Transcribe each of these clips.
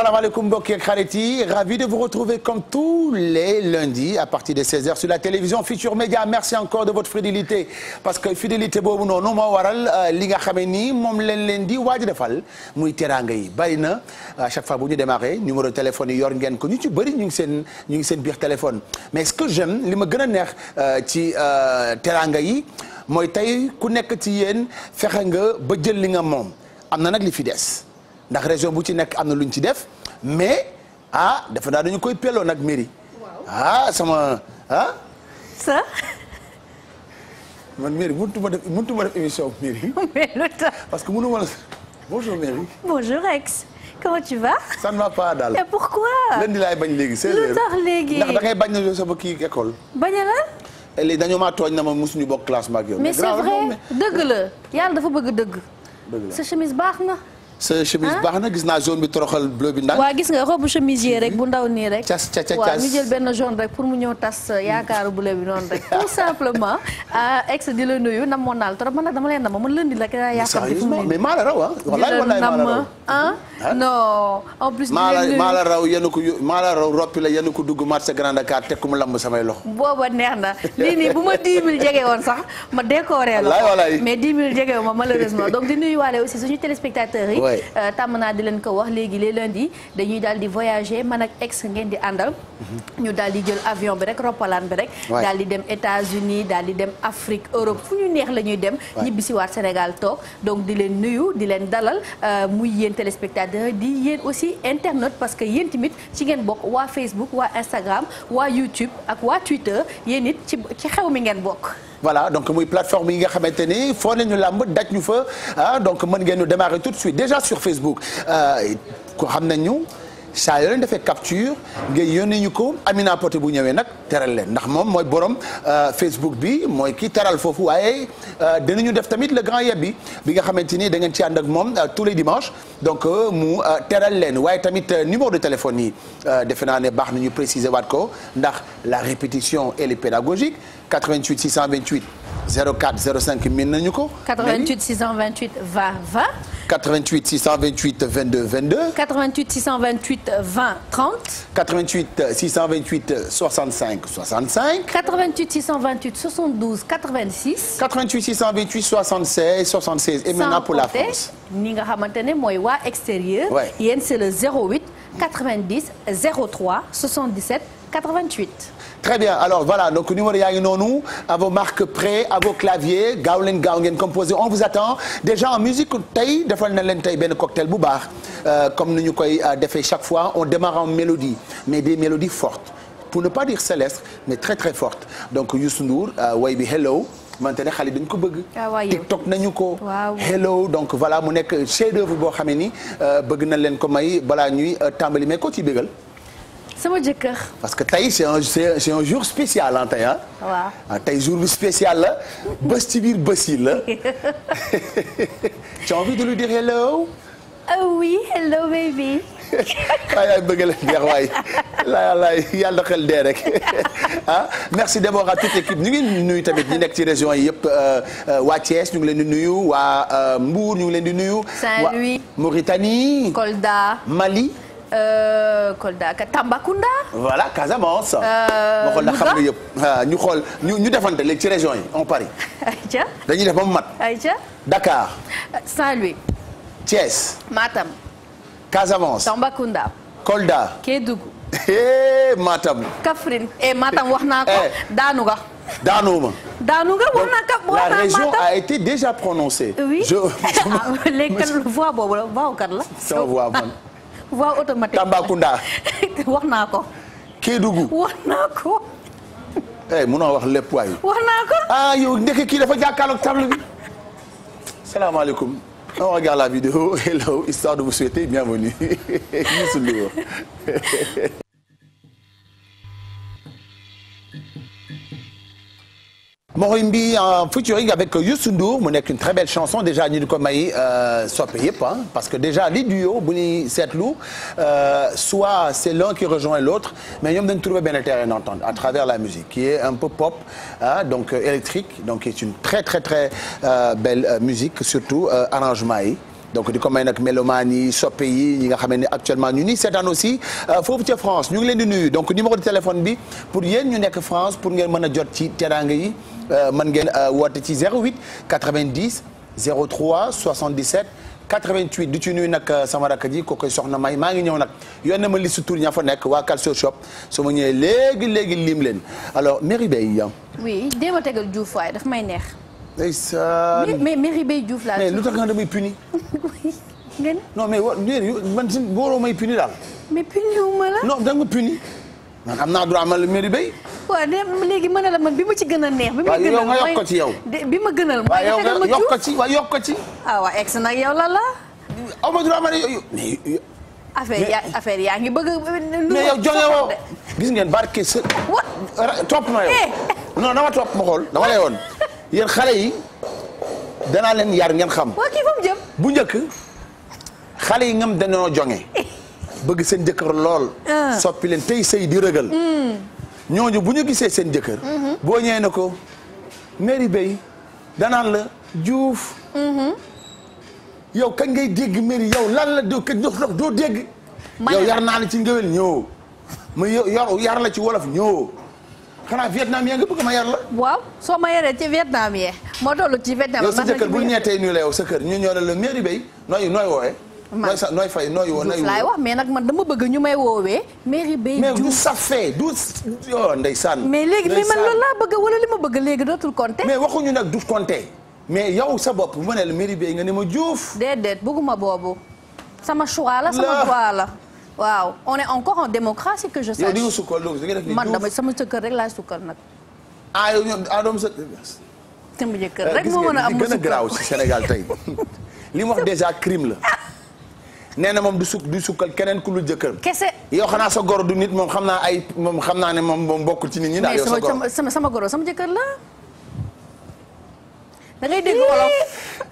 salaamaaleykum mbokki ak xarit yi ravi de vous retrouver comme tous les lundis à partir de 16h sur la télévision Futur Média merci encore de votre fidélité parce que fidélité boobu noonu moo waral euh, li nga xamee ni moom leen leen di waaj defal muy teraanga yi bari na à chaque fois bu ñu démarré numéro de téléphone yi yor ngeen ko ñu ci bëri ñu ngi seen ñu ngi seen biir téléphone mais ce que j'aime li ma gën a neex euh, ci euh, teraanga yi mooy tey ku nekk ci yéen fexe nga ba jël li nga moom am na nag li fi des. ndax région bu ci nekk am na lu ñu ci def mais ah defe naa dañu koy pelloon nag mairie. ah sama ah. sa. man mairie mënut ma def mënut ma def émission mairie. mais lu tax parce que mënu ma la bonjour mairie. bonjour ex. comment tu va pas daal. et pourquoi. lundi laay bañ léegi seize lu tax léegi ndax da ngay bañ na sama kii école. bañ a la. Eh, dañoo maa tooñ na ma mosuñu bokk classement ak yow. mais c'est vrai dëgg la yàlla dafa bëgg dëgg. dëgg la chemise baax na. sa chemise baax na gis naa jaune bi toroxal bleu bi ndax. waaw gis nga robe chemisier rek bu ndaw nii rek. cas ca ca waaw ñu jël benn jaune rek pour mu ñëw tas euh, yaakaaru bleu bi noonu rek tout simplement. Euh, ex di la nuyu nam moo naal trop man nag dama leen nama man lëndi la ki daa yaakaar. di fu mu mais maa la raw ah. wallaay wallaay maa la raw ah non. en plus maa la maa la raw yéen a ko maa la raw roppi la yéen a ko dugg marché Grand Dakar teg ku mu lamb samay loxo. booba neex na lii nii bu ma 10 000 jege woon sax ma décoré la. wallaay wallaay mais 10 000 jege ma malheureusement donc di nuyuwaale aussi suñu téléspectateurs yi Euh, tàmm naa di leen ko wax léegi les lundi dañuy daal di voyager man ak ex ngeen di àndal mhm. ñu daal di jël avion bi rek roppalaan bi rek daal di dem États-Unis daal di dem Afrique Europe fu ñu neex la ñuy dem ñibbisiwaat Sénégal toog donc di leen nuyu di leen dalal euh, muy yéen téléspectateurs di yéen aussi internet parce que yéen tamit ci ngeen bokk waa Facebook waa Instagram waa YouTube ak waa Twitter yéen ci ci xew mi ngeen bokk voilà donc muy plateforme yi nga xamante ni foo nañu làmb daj ñu fa ah donc mën ngeen nu démarrer tout de suite déjà sur Facebook euh, ko xam nañu saa yoo leen defee capture nga yónnee ñu ko Amina Poté bu ñëwee nag teral leen ndax moom mooy borom euh, Facebook bi mooy kii teral foofu waaye euh, dinañu def tamit le grand yebbi bi nga xamante ni da ngeen ci ànd ak moom tous les dimanches donc mu teral leen waaye tamit numéro de téléphone yi defe naa ne baax na ñu préciser waat ko ndax la répétition elle 88 628 04 min nañu ko. 88 628 20 20. 88 628 22 22. 88 628 20 30. 88 628 65 65. 88 628 72 86. 88 et maintenant pour la France. ñi nga xamante ne mooy waa extérieur. yéen très bien alors voilà donc numéro yaa ngi noonu à vos marques prêts à vos claviers gaaw leen gaaw ngeen composé on vous attend déjà en musique tey defal na leen tey benn cocktail bu baax euh, comme ni ñu koy euh, defee chaque fois on démarre en mélodie mais des mélodies fortes pour ne pas dire céleste mais très très fortes donc Youssou Ndour euh, way bi hello mante ne xale dañ ko bëgg. Ah, TikTok nañu ko. hello donc voilà mu nekk chef d'œuvre boo xamee ni bëgg na leen ko may balaa ñuy tàmbali mais ko ci sama jëkkër. parce que tey c'est un c'est un jour spécial ah tey ah. waaw tey jour bi spécial la bés ci biir bés yi la. tu as envie de lui dire hello. ah oui hello baby. waay waay bëgg la neex waay laay yàlla xel dee rek ah merci d'abord à toute l'équipe ñu ngi nuyu tamit ñi nekk ci région yi yëpp euh, euh, waa Thiès ñu ngi leen di nuyu waa Mbour ñu ngi leen di nuyu. Saint-Louis Mauritanie. Kolda Mali. Euh, Kolda ka Tambacounda. voilà Casamance. Euh, ma xool ndax xam nga yëpp ñu xool ñu ñu defante léegi ci région yi on dañuy def ba mu mat. ayca Dakar. Euh, Saint-Louis. Thiès. Matam. Casamance. Tambacounda. Kolda. Kédougou. Eh, Matam. Kaffrine eh Matam wax naa ko. Eh. daanu la région a été déjà prononcée. oui je je. Ah, léegi kan voix boobu voie automatique Tambacounda. wax naa ko. Kédougou wax naa ko. eh munoo wax lépp waay. wax naa ko. ah yow ndeke kii dafa jàkkaarloog table bi. salaamaaleykum. on regarde la vidéo hello histoire de vous souhaiter bienvenue Youssou Ndour Morimbi en featuring avec Youssou Ndour mu nekk une très belle chanson déjà ñu di ko may euh, soppe yëpp ah parce que déjà li duo bu ñuy seetlu euh, soit c'est l'un qui rejoint l'autre mais ñoom dañu trouver benn terrain d'entente à travers la musique qui est un peu pop ah donc euh, électrique donc qui est une très très très euh, belle musique surtout euh, arrangement yi donc di ko may nag melomaan yi soppe yi ñi nga xam ne actuellement ñu ni seetaan aussi euh, foofu ca France ñu ngi leen di nuyu donc numéro de téléphone bi pour yéen ñu nekk France pour ngeen mën a jot ci teraanga yi euh, man ngeen euh, woote ci 08 90 03 77 88 di ci nuyu nag sama rakk ji ko koy soxna may maa ngi ñëw nag yónnee ma li tur ña fa nekk waa Calcio Shop su ma ñëwee léegi léegi lim leen alors Merry Beye. oui démb tegal Diouf waay daf may neex. ndeysaan mais Merry Beye Diouf laa. mais lu tax nga damay puni. ngeen. non mais wa man si booroo may puni daal. mais puni wu ma la. non da nga puni. man am naa droit man la Merry Beye. waaw de léegi mën na la man bi ma ci gën a neex. bi ma gënal mooy yokk ko ci yow. bi ma gënal mooy nga ma yokk ko ci waaw yokk ko ci. ah waa ex nag yow la la. aw ma droit ma ne affaire yaa affaire yaa ngi bëgg euh, mais yow joxe woo gis ngeen barke sa. topp eh. na yow. non dama topp ma xool dama lay woon. yéen xale yi danaa leen yar ngeen xam. waa bu njëkk xale yi ngam dañoo joŋe. bëgg seen jëkkër lool. Ah. soppi leen tey sey di rëgal. Hmm. ñooñu bu ñu gisee seen jëkkër. Mm-hmm. boo ñëwee ne ko mairie bay danaan la juuf. Mm-hmm. yow kañ ngay dégg mary yow lan la doo kañ dox dox doo dégg. yow yar naa la ci ngéwél ñëw. ma yar la ci wolof ñëw. xanaa vietnamien nga bëgg ma yar la. waaw soo ma yaree ci vietnamien moo toll ci vietnam. yow sa kër bu ñu ñettee ñu la yow sa kër ñu ñoo la mairie bay nooy nooy wooyee. man nooy fay nooy woo nooy laay wax mais nag man dama bëgg ñu may woowee. mairie bay Diouf mais du safee du oh ndeysaan. mais léegi mais man loolu laa bëgg wala li ma bëgg léegi dootul compter. mais waxuñu nag du compter mais yow sa bopp bu ma nee la mairie bay nga ne ma Diouf. déedéet bëgguma boobu sama choix la sama droit la waaw on est encore en démocratie que je sache. yow di nga sukkal donc def man damay sama sëkkër rek laay sukkal nag. ah yow ñoom ah doomu sa. sama jëkkër rek moo mën a am gën a garaaw ci Sénégal tey li mu wax déjà crime la. nee na moom du suk du sukkal keneen ku lu jëkkër. kese yow xanaa sa goro du nit moom xam naa ay moom xam naa ne moom moom bokkul ci nit ñi. daal yow sa goro mais sama sama goro sama jëkkër la. da ngay dégg olof.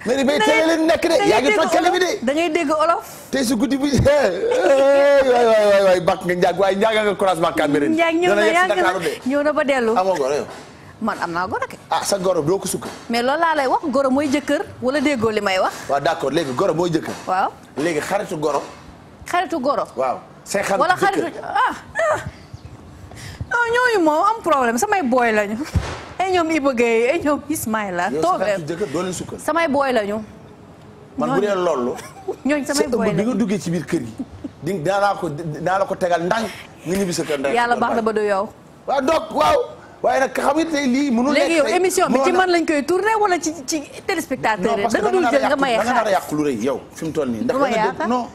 da ngay dégg télé leen nekk de yaa ngi toj télé bi de. da ngay dégg olof. te su guddi bu eh, eh, waay waay waay bàq nga njaag waaye njaaga nga courage bàq kan yaa ngi na ñëw na ba dellu. amoo goro yow. man am naa goro ke. ah sa goro doo ko sukk. mais loolu laa lay wax goro mooy jëkkër wala déggoo li may wax. waa d'accord léegi goro mooy jëkkër. waaw léegi xaritu goro. xaritu goro. waaw say xaritu wala xaritu ah. ah. ñooñu moom am problème samay booy lañu ay ñoom Ibou Guèye ay ñoom Ismaïla. toog samay booy lañu. man bu dee loolu. ñooñu samay booy lañu bi duggee ci biir kër yi. di naa la ko ko tegal ndànk nga ñibbi sa kër ndànk. yàlla baax na ba du yow. waaw donc waaw. waaye nag xam nga tey lii mënul nekk léegi yow émission bi ci man lañ koy tourné wala ci téléspectateur yi. da nga dul jël nga maye xaar da nga nar a yàq lu mu toll nii. ndax da non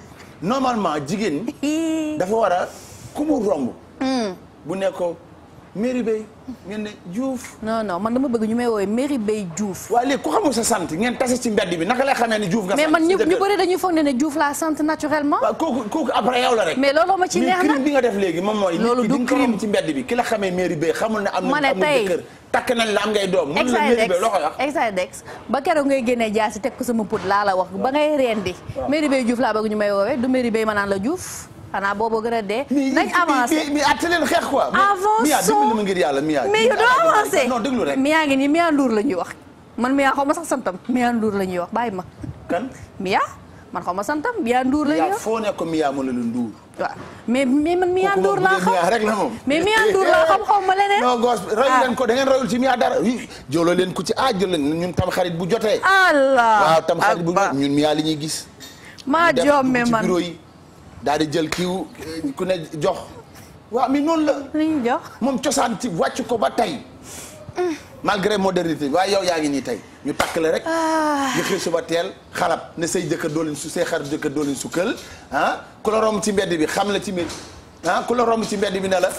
normalement jigéen dafa war a ku mu romb. Hmm. bu nekkoon Mary Bey ngeen ne Diouf. non non man dama bëgg ñu may woowee Mary Bey Diouf. waaye léegi ku xamul sa sant ngeen tase ci mbedd bi naka la xamee ni Diouf nga. sant mais man ñu ñu bëri dañuy foog ne ne Diouf laa naturellement. kooku après yow la rek. mais loolu ma ci neex na def léegi moom mooy. loolu du crime ci mbedd bi ki la xamee Mary Bey na. ma ne tey takk nañ la am ngay doom. mun la Mary Bey loo koy wax exidex ba keroog ngay génnee jaasi teg ko sama put laa la wax ba ngay reen di. Mary Bey bëgg ñu may woowe du Mary Bey ma naan la Diouf xanaa boobu gën a dee. nañ avancé mi mi atte leen xeex quoi. avançons mais mi ngir yàlla mi mais yow doo avancé non déglu rek. miyaa ngi nii miyaa Ndour la ñuy wax man miyaa xaw ma sax santam miyaa Ndour la ñuy wax bàyyi ma. kan miyaa man xaw ma santam miyaa Ndour la ñuy wax. foo nekk miyaa ma la lu Ndour. waaw mais mais man miyaa Ndour laa xam rek la moom. mais miyaa Ndour laa xam xaw ma leneen. non gos rayu ah. leen ko da ngeen rayul ci miyaa dara oui. jëloo leen ku ci ah jëloo leen ñun tam xarit bu jotee. allah waaw tam xarit bu ñun miyaa li ñuy gis. maa joome man daal di jël kiw eh, ku ne jox waaw mi noon la jox moom cosaan ci wàcc ko ba tey malgré modernité waaye yow yaa ngi nii tey ñu takk la rek ah. ñu xëy suba teel xalaat ne say jëkkër doolin su say xar jëkkër doolin su kël ah. ku la romb ci mbedd bi xam la ci mbedd ah ku la romb ci mbedd bi ne la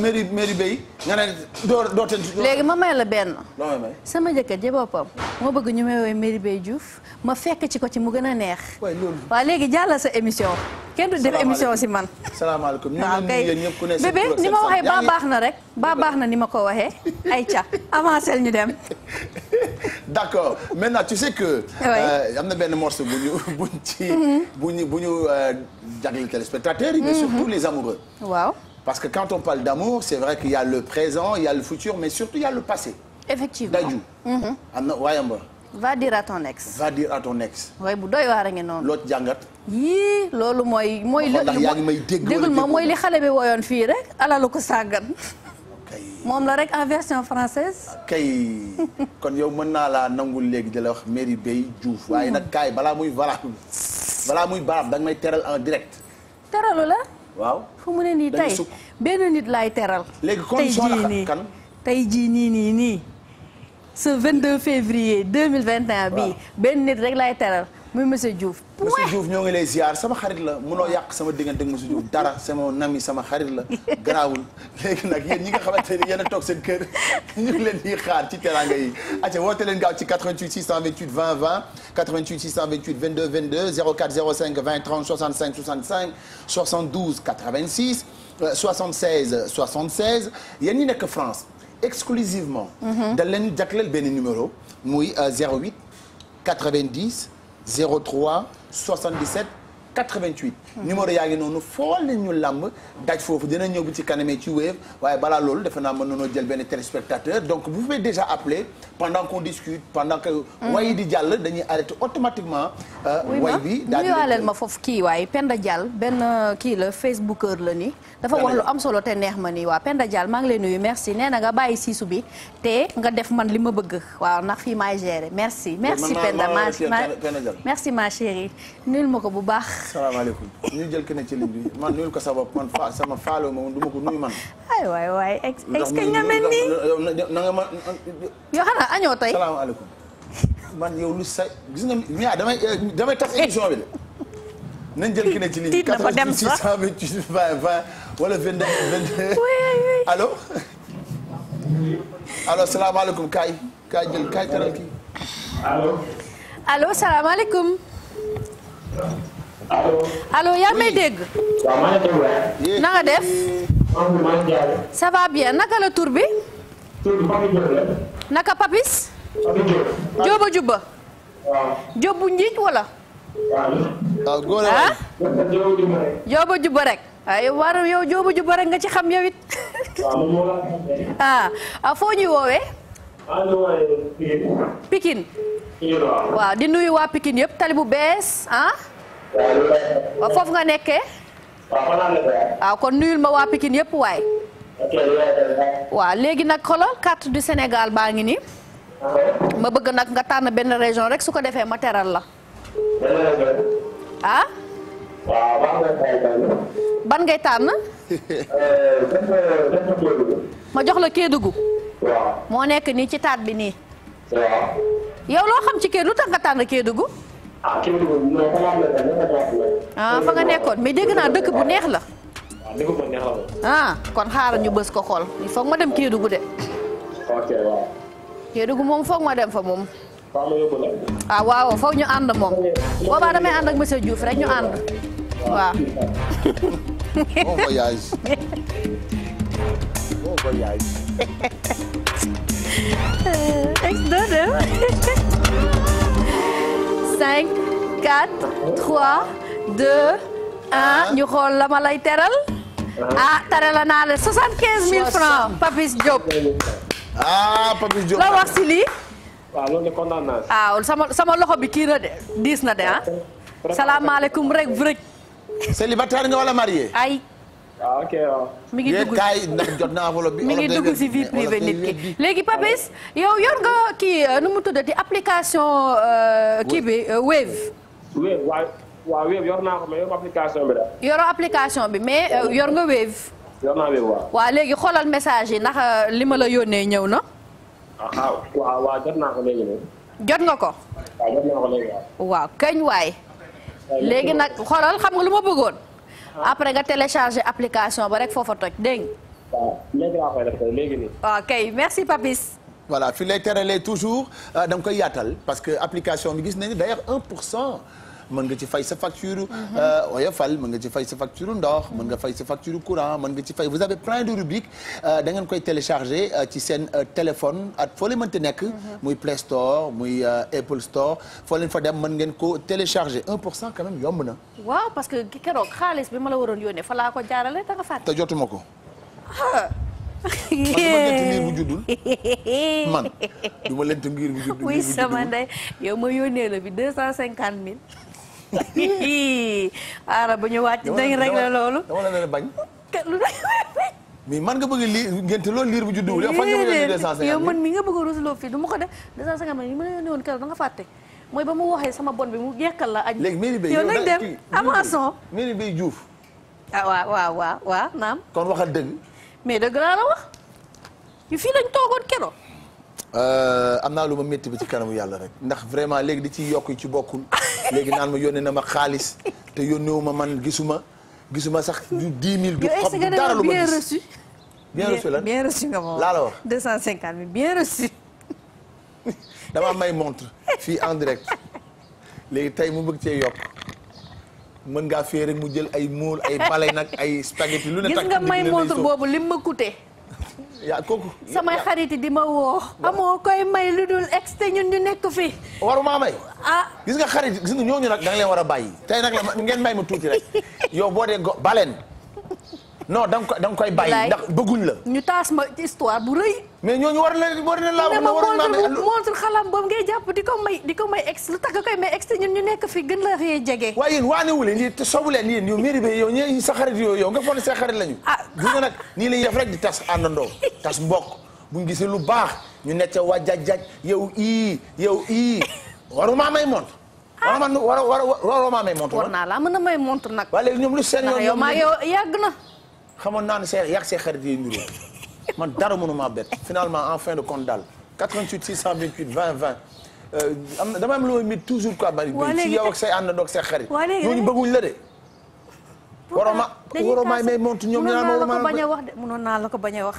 mairie eh, mairie bay nga ne doo doot léegi ma may la benn sama jëkkër ji boppam moo bëgg ñu may woowee mairie bay Diouf ma fekk ci ko ci mu gën a neex. waa loolu waaw léegi jàllal sa émission. kenn du def émission si man. salaamaaleykum ñu ah, ngi leen yéen ñëpp ku ne bébé ni ma waxee ba baax na rek. ba baax na ni ma ko waxee. ay ca avancé nu dem. d' accord maintenant tu sais que. Euh, am na benn morceau bu ñu bu ci. Mhm. bu ñu bu ñu euh, jagleel téléspectateurs yi. mais mhm. surtout les amoureux. waaw parce que quand on parle d' amour c' est vrai que y' a le présent il y' a le futur mais surtout il y' a le passé. effectivement Daju. Mhm. am na waayamba. va dire à ton ex. va dire ex. waaye bu doy waar a ngi noonu. loo jàngat. yii loolu mooy. mooy li ndax ma mooy li xale bi woyoon fii rek alalu ko sàggan. moom la rek en version française. kay kon yow mën naa la nangul léegi di la wax Mary bay Diouf. waaye nag kaay balaa muy baraam balaa muy baraam danga may teral en direct. teralu la. waaw fu mu ne nii tey benn nit laay teral. léegi kon soxna kan tey jii nii nii nii. ce 22 février 2021 bi benn nit rek lay teral muy monsieur Diouf. ñoo ngi lay ziar sama xarit la munoo yàq sama diggante ak monsieur Diouf dara sama nami sama xarit la garaawul léegi nag yéen ñi nga xamante ne yéen a toog seen kër ñu ngi leen di xaar ci teraanga yi. acca woote leen gaaw ci 88 628 20 20 88 628 22 22 04 yéen ñi nekk France. exclusivement dañ leen jagleel benn numéro muy 08 90 03 77 88. numéro yaa ngi noonu foo leen ñu làmb daj foofu dina ñëw bu ci kanamee ci wéef waaye balaa loolu defe naa mën nañoo jël benn téléspectateur donc vous pouvez déjà appeler pendant mm. di jàll dañuy arrêté automatiquement. Euh, way bi daal di nuyuwaaleel ma foofu kii waaye Penda Diall benn euh, kii la Facebooker la ni dafa wax lu am solo te neex ma ni waa Penda Diall maa ngi lay nuyu merci nee na nga bàyyi siisu bi te nga def man li ma bëgg waaw ndax fii maay gérer merci. merci Penda ma merci ma chérie nuyul ma ko bu baax. salaamaaleykum ñu jël keneen ci ligne bi man nuyul ko sa bopp man fa sama faalo moom ko nuyu man. ay waay waay ex ex kañ nga mel nii na nga ma. yoo xam ne añoo tey man yow lu sa gis nga miyaa eh, damay tas émission bi de. nañ jël keneen ci ligne bi 88 628 20 20 wala 22 22 allo. allo salaamaaleykum kaay kaay jël kaay taral allo allo yaa may dégg. waaw nga def. ça va naka la tur bi. naka Papis. Jóoba Juba. waaw. njiit wala. ah. Jóoba Juba ah, rek. nga ci xam yow it. Ah, ah foo ñuy woowee. Pikine. waaw di nuyu waa Pikine yëpp tali bu bees ah? waaw foofu nga nekkee. waaw kon nuyul ma waa Pikine yëpp waay. waaw léegi nag xoolal carte du Sénégal baa ngi nii. ma bëgg nag nga tànn benn région rek su ko defee ma teral la. ah. ban ngay tànn. ma jox la Kédougou. moo nekk nii ci taat bi nii. yow loo xam ci Kédougou lu tax nga tànn Kédougou. ah kii ah fa nga nekkoon mais dégg naa dëkk bu neex la. ah kon xaaral ñu bës ko xool foog ma dem Kédougou de. ok waaw. Kédougou moom foog ma dem fa moom. ah waaw foog ñu ànd moom. boobaa damay ànd ak monsieur Diouf rek ñu ànd. waaw. Oh, oh, 5 4 la ma lay teral. ah tarala naa la 75000 ah, de naa si. ah sama sama loxo bi kii na de diis na de ah. salaamaaleykum rek rek. célibataire nga wala marié. Ah, mu ngi dugg jot naa enveloppe bi. mi ngi dugg si vie privée nit ki léegi Papis yow yor nga kii euh, nu mu tuddati application euh, kii bi euh, Wave. Wave application bi la. yoroo application bi mais yor nga Wave. yor naa Wave waaw. léegi xoolal message yi ndax li ma la yónnee ñëw na. ah, ah waaw jot ko léegi nag. jot nga ko. waaw jot naa léegi nag xoolal xam nga lu ma bëggoon. après nga télécharger application ba rek foofa toj dégg waaw kay merci Papis. voilà fi lay toujours euh, da nga koy yaatal parce que application bi gis nañu d'ailleurs 1 pour cent mën nga ci fay sa facture euh, oyofal mën nga ci fay sa facture ndox mën nga fay sa facture courant mën nga ci fay vous avez plein de rubriques euh, da ngeen koy télécharger euh, ci seen téléphone at foo mën mënti nekk muy Play Store muy Apple Store foo leen fa dem mën ngeen ko télécharger 1 pour cent quand yomb na waaw parce que keroog xaalis bi ma la waroon yónnee fa laa ko jaarale da nga fàtte te jotuma ko ah. ngir bu juddul man du ngir bu juddul oui sama ndey yow ma cent cinquante mille aara bu ñu wàcc dañ rek la loolu. dama la leen bañ. lu mais man nga bëgg a lii ngénte loolu liir bu juddu yow fan nga bëgg a 250 yow man mi nga bëgg a rusloo fii du ma ko def 250 ma la woon keroog da nga fàtte mooy ba mu waxee sama bon bi mu yekkal la añ léegi Merry Beye yow nañ dem avançon Merry Beye Diouf waa ah, waa waaw waaw naam kon waxal dëgg mais dëgg laa la wax yu fii lañ toogoon keroog Euh, am naa lu ma metti bi ci kanamu yàlla rek ndax vraiment léegi di ci yokk ci bokkul léegi naan ma yónnee na ma xaalis te yónneewu ma man gisuma gisuma sax du 10 000. du xam dara ma gis bien reçu. bien reçu lan bien reçu nga ma laa dama may montre fii en direct léegi tey mu bëgg cee yokk mën ngaa fee rek mu jël ay mool ay balay nag ay spaghetti lu ne. gis nga may montre boobu lim ma coûté. yaa kooku. samay xarit di ma woo. amoo koy may lu dul ex te ñun ñu nekk fi. waruma may. ah gis nga xarit gis nga ñooñu nag da nga war bàyyi tey nag la ngeen may ma tuuti rek yow boo dee go baleen da nga koy da nga la. ñu taas ma bu rëy. mais ñooñu war na war na laa war na montre xalam boobu nekk fi gën la rëy jege. waaye yéen waane sa xarit yooyu yow nga foog ne sa xarit lañu. ah gis nga nag nii la ñuy def rek di tas àndandoo tas mbokk bu ñu gisee lu baax ñu ne ca waa jaj jaj yow ii yow ii waruma may mont. Ah. waruma may mont. a may mont nag. waaye léegi ñoom lu seen yoon yow maa yow yàgg na. xamoon naa see yàgg see xarit yi ñu man dara mënu maa bett finalement en fin de compte daal 88 628 20 20. am na dama am lu may mit toujours quoi bari. waa ak say àndandoo ak xarit. waa bëgguñ la de. waroma waromaay may montu ñoom ñaar naa la ko bañ a wax de mënoon naa la ko bañ a wax.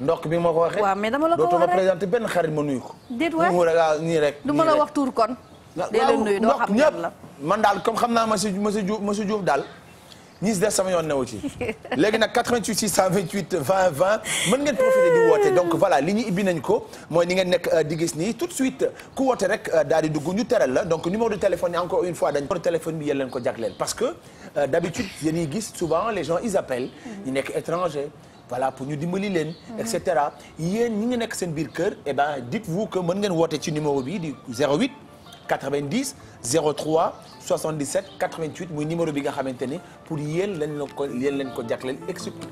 ndokk bi ma ko waxee. waaw mais dama la ko wax rek dootuma présenté benn xarit ma nuyu ko. déet waay mu ngi nii rek. du ma la wax tuur kon. dee leen nuyu doo xam la man daal comme xam naa monsieur Diouf monsieur Diouf daal ñi si des sama yoon newu ci léegi nag 88 628 20 20 mën ngeen profiter di woote donc voilà li ñu ibbi nañ ko mooy ni ngeen nekk euh, di gis nii tout de suite ku woote rek euh, daal di dugg ñu teral la donc numéro de téléphone yi encore une fois dañ numéro téléphone bi yéen leen ko jagleel parce que euh, d'habitude yéen ñuy gis souvent les gens ils appellent ñu nekk étranger voilà pour ñu dimbali leen et cetera yéen ñi nga nekk seen biir kër et eh ben dites-vous que mën ngeen woote ci numéro bi di 08 90 03 77 88 muy numéro bi nga xamante ni pour yéen lañ la ko yéen lañ ko jagleel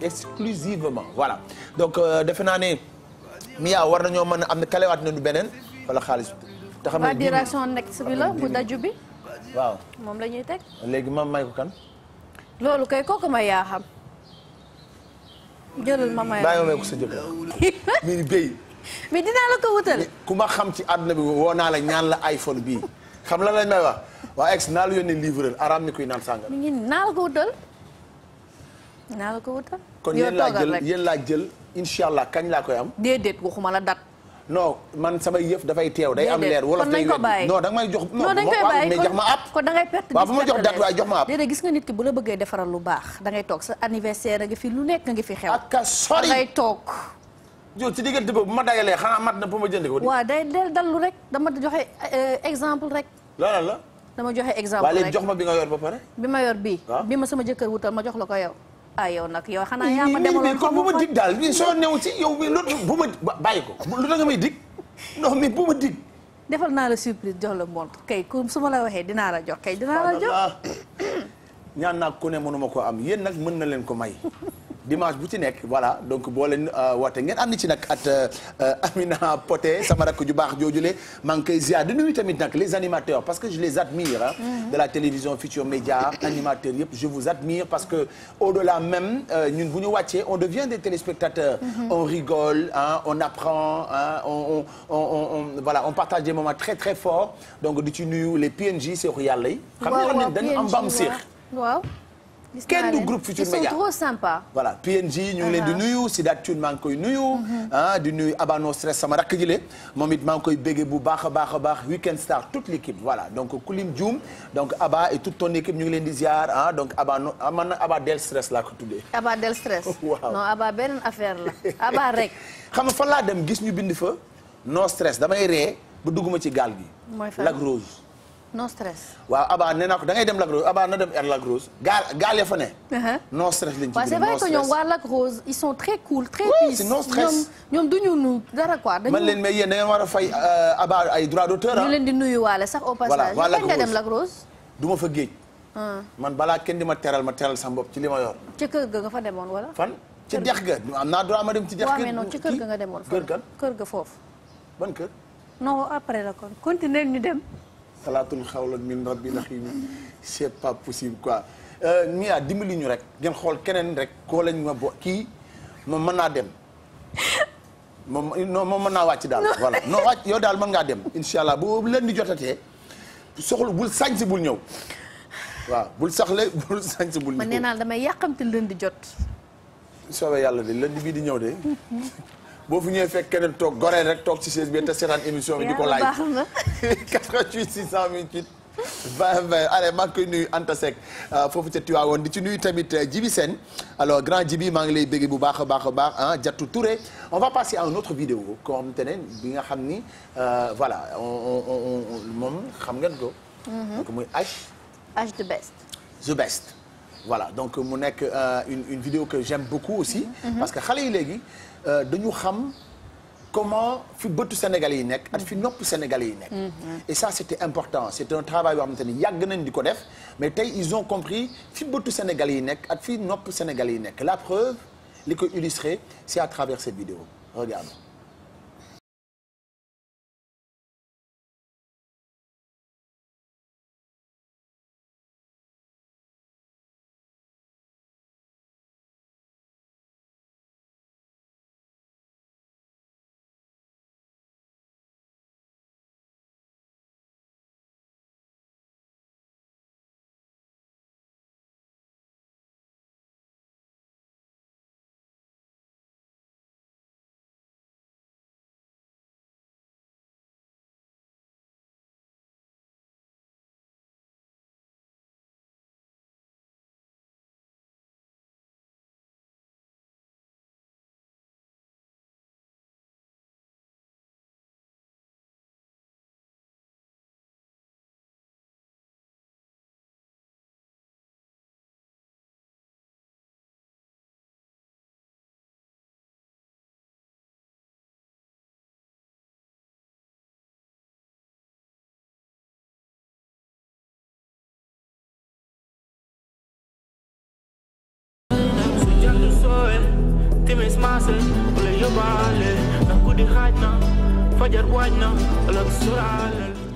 exclusivement voilà donc euh, defe naa ne Mia war nañoo mën a am na kalewaat nañu beneen wala xaalis. te xam ne direction next bi la bu daju bi. waaw moom la ñuy teg. léegi ma may ko kan. loolu kay kooku ma yaa xam. jëlal ma may ko sa jëkkër. mais dinaa la ko wutal. ku ma xam ci àdduna bi woo naa la ñaan la iPhone bii xam la la may wax waa ex naa la yónnee livreur araam mi kuy naan sàngara. mi ngi naa la ko wutal naa la ko wutal. kon yéen laa jël yéen laa jël incha allah kañ laa koy am. déedéet waxuma la dat. non man samay yëf dafay teew day am leer wolof day wér non da nga jox non dañ koy bàyyi mais jox ma app kon da ngay perte waaw bu ma jox date jox ma app gis nga nit ki bu la bëggee defaral lu baax dangay ngay toog sa anniversaire nga fi lu nekk nga fi xew ak sori da ngay toog yow ci diggante boobu ma dagalee xanaa na pour ma jënd ko. waaw day del dallu rek dama joxe eh, exemple rek. loolaa la. dama joxe exemple rek jox ma bi nga yor ba pare. bi ma ah. ma sama jëkkër wutal ma jox la ko yow. ah yow nag yow xanaa yaa ma demaloon kon bu ma dig daal bi soo new ci yow bi loolu bu ma bàyyi ko lu da may dig non mais bu ma dig. defal naa la surprise jox la montre kay ku su ma la waxee dinaa la jox kay dinaa la jox. ñaan naa ku ne mënuma koo am yéen nag mën na leen ko may. dimanche bu ci nekk voilà donc boo leen euh, woote ngeen ànd ci nag at euh, Amina Poté sama rakk ju baax joojule maa ngi koy ziar di nuyu tamit nag les animateurs parce que je les admire hein, mhm. de la télévision Futur Média animateurs yëpp je vous admire parce que au-delà même euh, ñun bu ñu wàccee on devient des téléspectateurs mhm. on rigole hein, on apprend hein, on, on, on, on voilà on partage des moments très très forts donc di ci nuyu les PNJ seexu yàlla yi kenn du groupe Futur Média ils sont ñu ngi leen di nuyu Sidaat Thioune maa ngi koy nuyu. Mhm. ah di nuyu Abano Stress sama rakk ji le moom it maa ngi koy béggee bu baax a baax a baax Weekend Star toute l'équipe voilà donc Kulim Dioum donc Aba et toute ton équipe ñu ngi leen di ziar ah donc Aba no ah, man Aba del stress laa ko tuddee. Aba del stress. waaw non Aba affaire la Aba rek. xam nga fan laa dem gis ñu bind fa no stress damay ree bu dugguma ci gaal gi. mooy Lac Rose. non stress. waaw Aba nee naa ko da dem Lac Rose Aba na dem air Lac Rose. gaal gaal ya fa ne. no stress lañ ci biir no stress waaw c'est vrai que ñoom waa Lac Rose ils sont très cool. da war fay euh, Aba ay droit d'auteur ah. leen di nuyuwaale sax au passage. voilà nga dem Lac Rose. du ma fa géej. Ah. man balaa kenn di ma teral ma teral sa bopp ci li ma yor. ca kër ga nga fa demoon wala. fan ci dex ga am naa droit ma dem ci dex ga. waaw mais non ci kër ga nga demoon. kër ga kër ga foofu. ban kër. non après la kon continuer ñu dem xalaatul xawlan min rabbil rahim c'est pas possible quoi Mia euh, dimbali ñu rek ngeen xool keneen rek koo lañ ma bo kii moom mën naa dem moom non moom mën naa wàcc daal voilà noo wàcc yow daal mën ngaa dem incha allah boobu leen di jotatee soxla bul sañ si bul ñëw waaw bul saxle bul sañ si bul ñëw man nee naa damay yàqamti leen di jot soobee yàlla de leen di bii di ñëw de boo fi ñëwee fekk keneen toog goree rek toog ci chaise bi te seetaan émission bi di ko laaj. baax na 88 628. ba Anta Seck euh, foofu ca Tiwaawoon di ci nuyu tamit euh, Jibi Sène alors grand Jibi maa ngi lay bëgg bu baax a baax a baax ah Jattu Touré on va passer à une autre vidéo koo xamante ne bi nga xam ni euh, voilà on moom xam ngeen ko. Mhm. donc muy H. the best. voilà donc mu nekk une une vidéo que j'aime beaucoup aussi. Mhm. parce que xale yi léegi. Euh, dañu xam comment fi bët Sénégalais yi nekk ak fi mm-hmm. nopp Sénégalais yi nekk mm-hmm. et ça c'était important c'était un travail yoo xamante ni yàgg nañ di ko def mais tey ils ont compris fi bëtu Sénégalais yi nekk ak fi nopp Sénégalais yi nekk la preuve li ko illustré c'est à travers cette vidéo regarde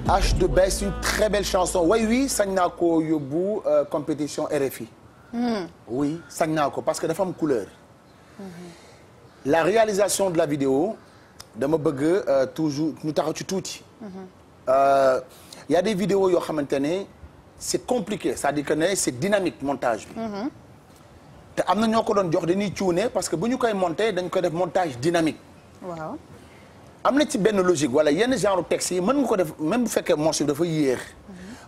H de Besse wi sañ naa ko yóbbu euh, compétition RFI. Hmm. oui sañ naa ko parce que dafa am couleur. Hmm. la réalisation de la vidéo dama bëgg euh, toujours ñu taxaw ci tuuti. Hmm. Euh, y a des vidéos yoo xamante ne c'est compliqué c'est-à-dire que montage te am na ñoo ko doon jox dañuy cuune parce que bu ñu koy monter dañ koy def montage dynamique. am na ci benn logique wala yenn genre texte yi mën nga ko def même bu fekkee morceau dafa yéex.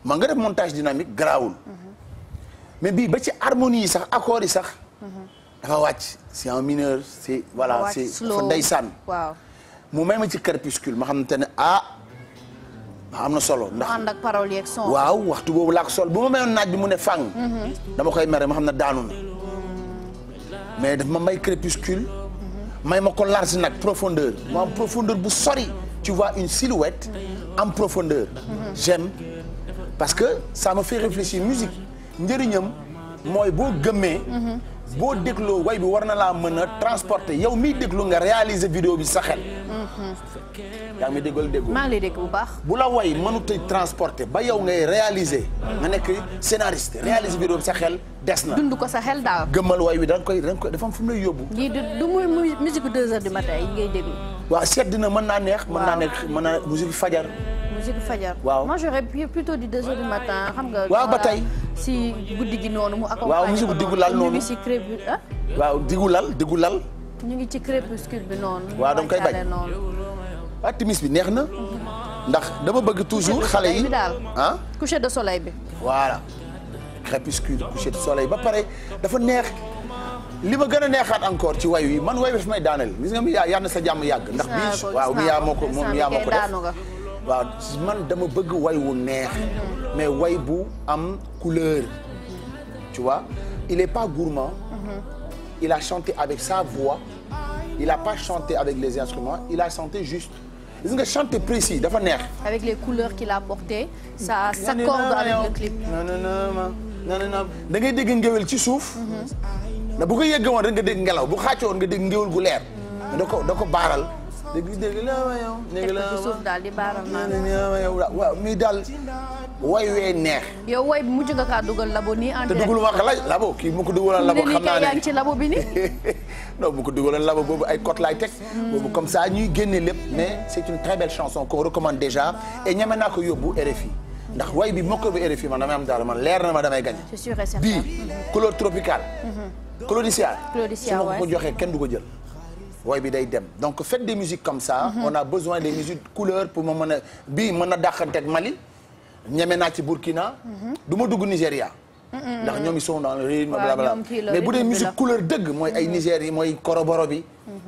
man nga def montage dynamique garaawul. mais bii ba ci harmonie yi sax accords yi sax. dafa wàcc c'est en mineur c'est voilà c'est fa mu may ma ci crépuscule ma xamante ne ah. am na solo ndax ànd ak parole yeeg son waaw waxtu boobu laa ko sol bu ma mayoon naaj bi mu ne fang. Mhm. dama koy mere ma xam ne daanu na. mais daf ma may crépuscule. may ma large nag profondeur mu am profondeur bu sori tu vois une silhouette en profondeur j'aime parce que ça me fait réfléchir musique njëriñam mooy boo gëmmee boo dégloo way bi war na laa mën a transporter yow miy déglu nga réaliser vidéo bi sa xel. Mm-hmm. yaa ngi may déggal déggu. maa ngi lay dégg bu baax. bu la way mënut a transporter ba yow ngay réaliser. nga nekk scénariste réaliser vidéo bi sa xel des na. dund ko sa xel daal. gëmmal way bi da koy da nga koy dafa am fu mu lay yóbbu. lii du du muy musique deux heures du matin yi ngay déglu. waaw sedd na mën naa neex. mën naa nekk mën naa musique fajar. musique fajar. waaw moi j'aurais plutôt du deux heures du matin xam waaw ba tey si guddi gi noonu mu. accompagné waaw musique diggu lal noonu si crépus ah. waaw diggu lal diggu lal. ñu ngi ci crépuscule bi noonu. waaw dama koy bañ ah timis bi neex na. ndax dama bëgg toujours xale yi ah. coucher de soleil bi. voilà crépuscule coucher de soleil ba pare dafa neex. li ma gën a neexaat encore ci wayu yi man wayu fi may daaneel gis nga mi yaa na sa jàmm yàgg. ndax bii waaw mi ko yaa moo ko def waaw man dama bëgg way wu neex mais way bu am couleur tu vois il est pas gourmand mhm. il a chanté avec sa voix il a pas chanté avec les instruments il a chanté juste gis nga chanter précis dafa neex. avec les couleurs qu'il a apportées ça s'accorde avec le clip. da ngay dégg ngéwél ci suuf. Mhm. na bu ko yëgg woon rek nga dégg ngelaw bu xaacoo woon nga dégg ngéwél gu leer. Mhm. da ko da ko baaral. dëgg dëgg la ma yow. dëgg la ma suuf daal di baaral maanaam. waaw mi daal. way wee neex. yow way bi mujj nga kaa dugal labo nii en direct. wax dugaluma ko lay labo kii mu ko dugaloon labo. xam naa ne yaa ci labo bi ni non mu ko dugaloon labo boobu ay côte laay teg. boobu comme ça ñuy génne lépp. mais c'est une très belle chanson qu'on recommande déjà et ñeme naa ko yóbbu RFI. ndax way bi mokk bi RFI man damay am daal man leer na ma damay gagné. c'est sûr et certain bii couleur tropicale. Mhm. Claudicia. Claudicia waay su kenn du ko jël. woy bi day dem donc fet des musiques comme sa Mm -hmm. on a besoin des musiques couleur pour ma mën a bii mën a dàqanteeg Mali. ñeme naa ci Burkina. Mhm. du ma dugg Nigéria. Mhm. ndax ñoom ils sont dans le rythme blablabla mais bu dee musique couleur dëgg mooy ay mhm. Niger yi mooy koroboro bi.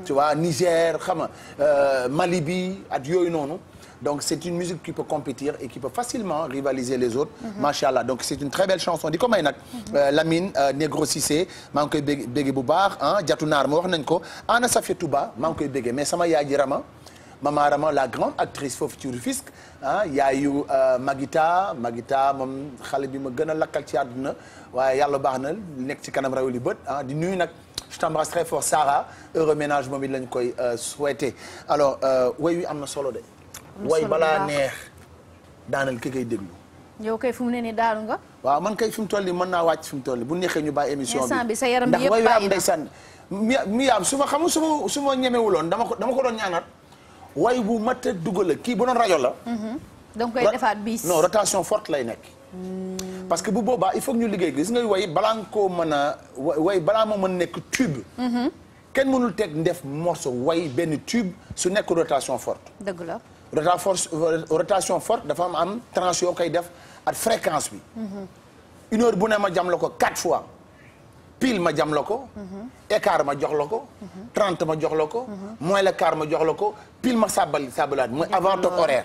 tu vois Niger xam nga euh, Mali bi ak yooyu noonu. donc c'est une musique qui peut compétir et qui peut facilement rivaliser les autres. Mhm. macha allah donc c'est une très belle chanson di ko may nag. Mhm. Euh, Lamine euh, Negro Cissé maa ngi koy bég bége bu baax ah Naar ma wax nañ ko Anna Safia Touba maa ngi koy bége mais sama yaay ji Rama Mama Rama la grande actrice foofu ci Rufisque ah yaayu euh, Magita Magita moom xale bi ma gën a lakkal ci àdduna waaye yàlla baax na nekk ci kanam rawu li bët ah di nuyu nag. je t'embrasse très fort ménage moom it lañ koy souhaiter alors woy wi am na solo de. way balaa neex daanal ki koy déglu. yow kay fu mu ne nii daanu nga. waaw man kay fi mu toll nii mën naa wàcc fi mu toll nii bu neexee ñu bàyyi émission bi sa yaram bi yëpp bàyyi na ndax way ndeysaan mi mi yaam su ma xamul su ma su ma ñemewuloon dama ko dama ko doon ñaanal. way bu mat a dugal la kii bu doon rajo la. Mm-hmm. donc koy defaat bis. non rotation fort lay nekk. Mm. parce que bu boobaa il faut ñu liggéey gis nga way balaa nga koo mën a way balaa moo mën nekk tube. Mm-hmm. kenn mënul teg ndef morceau way benn tube su nekk rotation forte. dëgg la. rota force rotation forte dafa am am tranche yoo koy def ak fréquence bi une bu ne ma jam la ko quatre fois pile ma jam la ko écart ma jox la ko trente ma jox la ko moins la quart ma jox la ko pile ma sàbbal sàbbalaat mooy avant top horaire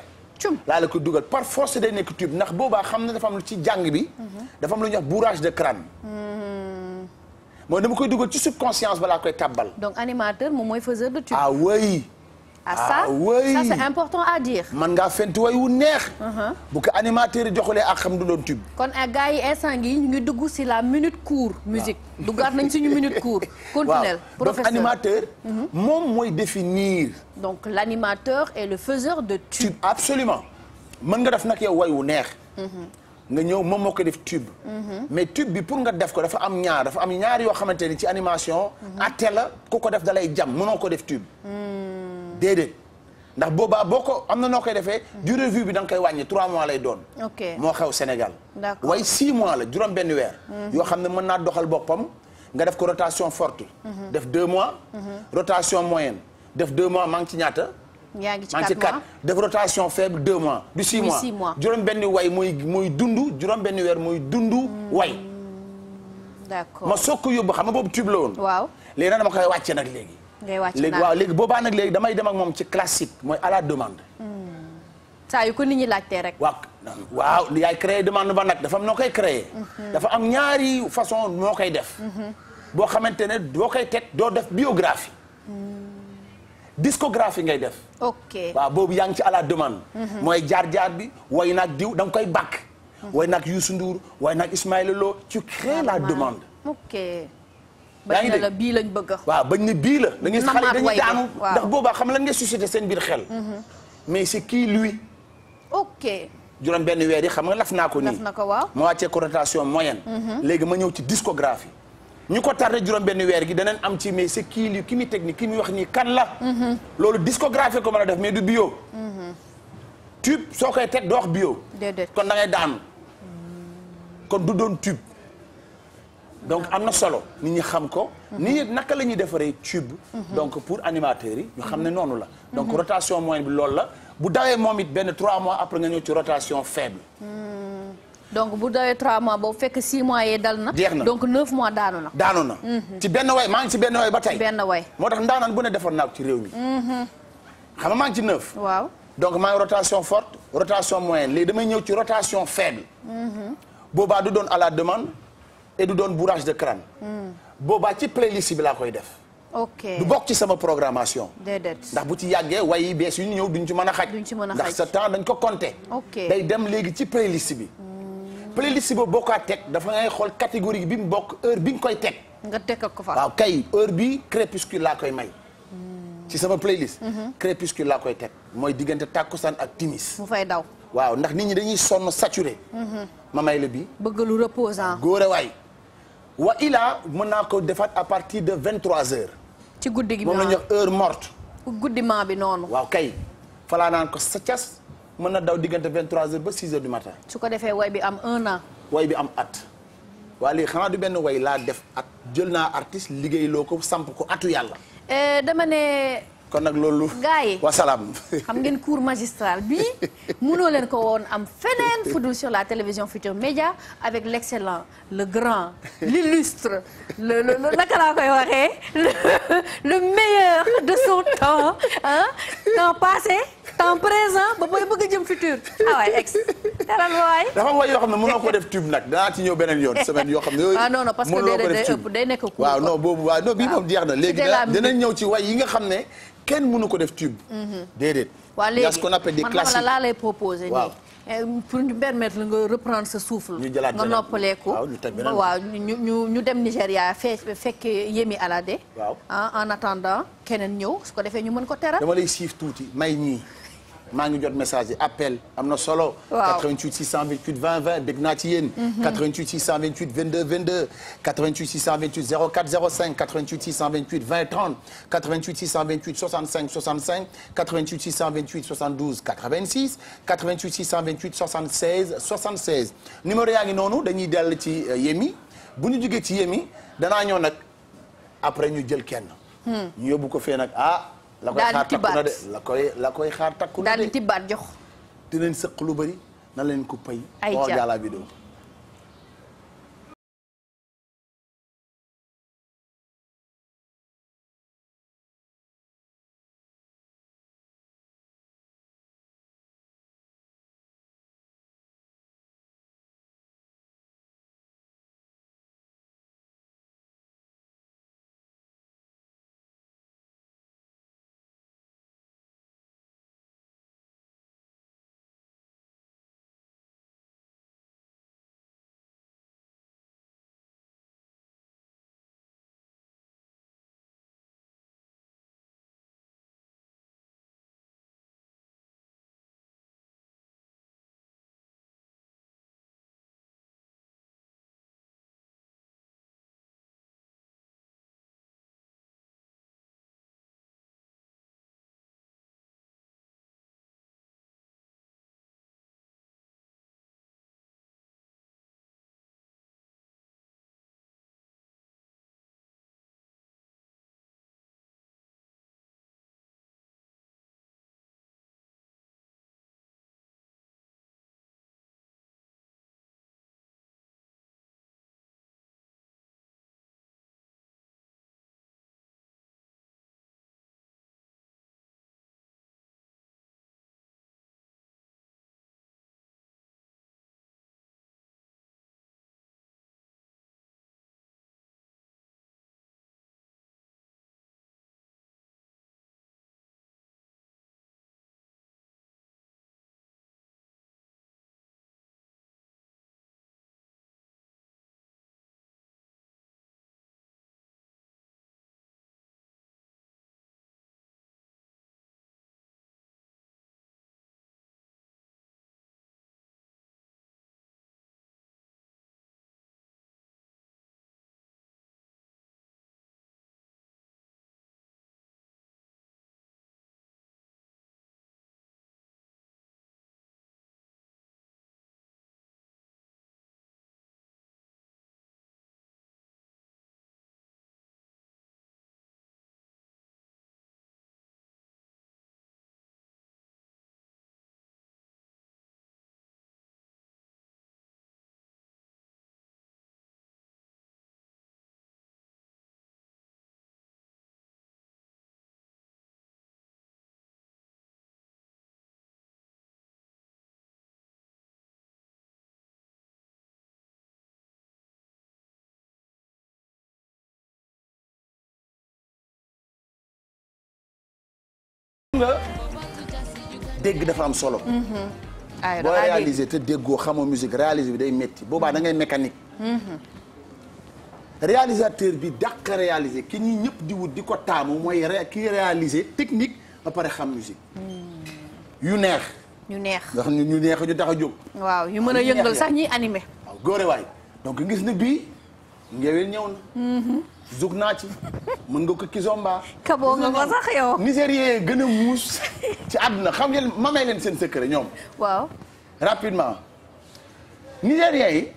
laa la ko dugal par force day nekk tube ndax boobaa xam ne dafa am lu ci jàng bi dafa am lu ñuy wax de crâne hmm. mooy dama koy dugal ci subconscience balaa koy tàbbal donc animateur Ah, ah ça ça à dire. man ngaa fent way wu neex. Uh-huh. bu ko animateur yi joxulee ak xam du doon tub. kon gars yi instant yi ñu ngi dugg si la minute court musique duggaat nañ suñu minute court. continuel professeur donc animateur. Uh-huh. moom mooy définir. donc l'animateur est le faiseur de tube. absolument mën nga def nag yow way wu neex. Uh-huh. nga ñëw moom moo ko def tube. mais tube bi pour nga def ko dafa am ñaar dafa am ñaar yoo xamante ni ci animation. atte la ku ko def dalay jam mënoo ko def tube. Hmm. déedéet ndax booba boo ko am na noo koy defee hmm. durée de bi danga koy wàññi trois mois lay doon moo xew Sénégal waaye six mois la juróom benn weer hmm. yoo xam ne mën naa doxal boppam nga def ko rotation fort hmm. def deux mois rotation moyenne def deux mois maa ngi ci ñaata yaa ngi ci 4 def rotation faible 2 mois. du 6 mois mois juróom benn way mooy muy dundu juróom benni weer mooy dundu way. d'accord ma soog ko yóbbu xam nga boobu tube la woon. waaw léegi nag dama koy wàcce nag léegi. léegi waaw léegi boobaa nag léegi damay dem ak moom ci classique mooy à la demande hmm. saa yu ko nit ñi laajtee rek waaw waaw yaay créé demande ba nag dafa am noo koy créé hmm. dafa am ñaari façon noo koy def hmm. boo xamante ne boo koy teg doo def biographie discographie ngay def ok waaw boobu yaa ci à la demande mooy jaar-jaar bi way naag diw da koy bakk way naag Youssou Ndour way naag Ismaïla Lo tu crées la demande ok yaa ngi dégg bii lañ bëgg waaw bañ ne bii la da ngay xale dañuy daanu ndax boobaa xam lan nga suscité seen biir xel mhm. mais c'est kii lui ok juróom benn weer yi xam nga laf naa ko nii ma wàccee connotation moyenne mhm. léegi ma ñëw ci discographie ñu ko tardé juróom benn weer gi danañ am ci mais c'est kii lui ki muy technique ki muy wax nii kan la mhm. loolu discographie ko mën a def mais du bio tube soo koy teg doo wax bio kon da ngay daanu mm. kon du doon tube donc am na solo nit ñu xam ko. ni naka la ñuy defaree tube. donc pour animateurs yi ñu xam ne noonu la. donc rotation moyenne bi loolu la bu dawee moom it benn 3 mois après nga ñëw ci rotation faible. Hmm. donc bu dawee 3 mois boobu fekk 6 mois yee dal na. jeex na donc 9 mois daanu na. daanu na hmm. ci benn way maa ngi ci benn way ba tey. benn way moo tax ndaanaan bu ne defoon naa ci réew mi. Hmm. xam nga maa ngi ci 9. waaw donc maa ngi rotation fort rotation moyenne léegi damay ñëw ci rotation faible. boobaa du doon la demande. te du doon bourrage de crâne. Hmm. boobaa ci playlist bi laa koy def. ok du bokk ci sama programmation. déedéet ndax bu ci yàggee way yi bees yu ñu ñëw duñ ci man a xaj. duñ ci mën a xaj ndax sa temps dañ ko compter. day dem léegi ci playlist bi. Hmm. playlist boobu boo ko teg dafa ngay xool catégorie bi mu bokk heure bi nga koy teg. nga teg ko fa waaw kay heure bi crépuscule laa koy may. Hmm. ci sama playlist. Mhm. crépuscule laa koy teg mooy diggante tàkkusaan ak timis. mu fay daw waaw ndax nit ñi dañuy sonn saturé. Mhm. ma may bi bëgg lu reposant góore wa ilaa mën naa ko defaat à partir de 23h. ci guddi gi moom la ñuy wax heure morte. guddi maa bi noonu. waaw kay falaa naan ko sa cas mën na daw diggante 23h ba 6h du matin. su ko defee way bi am un an. way bi am at. waa léegi xanaa du benn woy laa def at jël naa artiste liggéey loo ko samp ko atu yàlla. Eh, dama ne. kon nag loolu. gars yi wasalaam. xam ngeen cours magistral bi mënoo leen ko woon am feneen fudul sur la télévision Futur Média avec l' le grand l'illustre le le naka laa koy waxee le meilleur de son temps ah temps passé temps présent ba booy bëgg a jëm futur ah waay ex. teral waay dafa way yoo xam ne mënoo ko def tube nag danaa ci ñëw beneen yoon semaine yoo xam ne. ah non non parce que day day ëpp day nekk cours. waaw non boobu waaw non bii moom ah, jeex na. léegi dinañ ñëw ci way yi nga xam ne. kenn mënu ko def tube. Mhm. déedéet. waaw léegi y a ce qu'on appelle des classiques man laa proposé. waaw eh, pour ñu permettre nga reprendre sa souffle. ñu jëlaat nga noppaleeku. waaw ñu teg beneen waaw ñu ñu ñu dem Nigéria fee fekk Yemi Alade. Ah, en attendant keneen ñëw su ko defee ñu mën ko teral. dama lay siif tuuti may ñii. maa ngi jot message yi appel am na solo. waaw 88 628 20 20 bëgg naa ci yéen. 88 628 22 22 88 628 04 05 88 628 20 30 88 628 65 65 88 628 72 86 88 628 76 76 numéro yaa ngi noonu dañuy dell ci euh, yemi bu ñu jugee ci yemi danaa ñëw nag après ñu jël kenn. Hmm. ñu yóbbu ko fee nag ah. la koy xaar takku na de la koy la koy xaar takku na de daal di tibbaat jox dinañ sëq lu bëri na leen ko pay. ay jàll vidéo nga dégg dafa am solo. Mm-hmm. ay boo réalisé te déggoo xamoo musique réalisé bi day métti boobaa da ngay mécanique. Mm-hmm. réalisateur bi dàq réalisé ki ñi ñëpp di wut di ko taamu mooy ki technique ba pare xam musique. Mm. yu neex. ñu neex nga xam ne ñu neex ñu tax a jóg. waaw yu mën a yëngal sax ñiy animé. waaw góore waay donc gis na bii ngewel ñëw na. Mm-hmm. zug naa ci mën nga ko kizomba. kaboo nga ko sax yow. nigérien gën a muus ci àdduna xam ngeen ma may leen seen secret ñoom. waaw. rapidement nigérien yi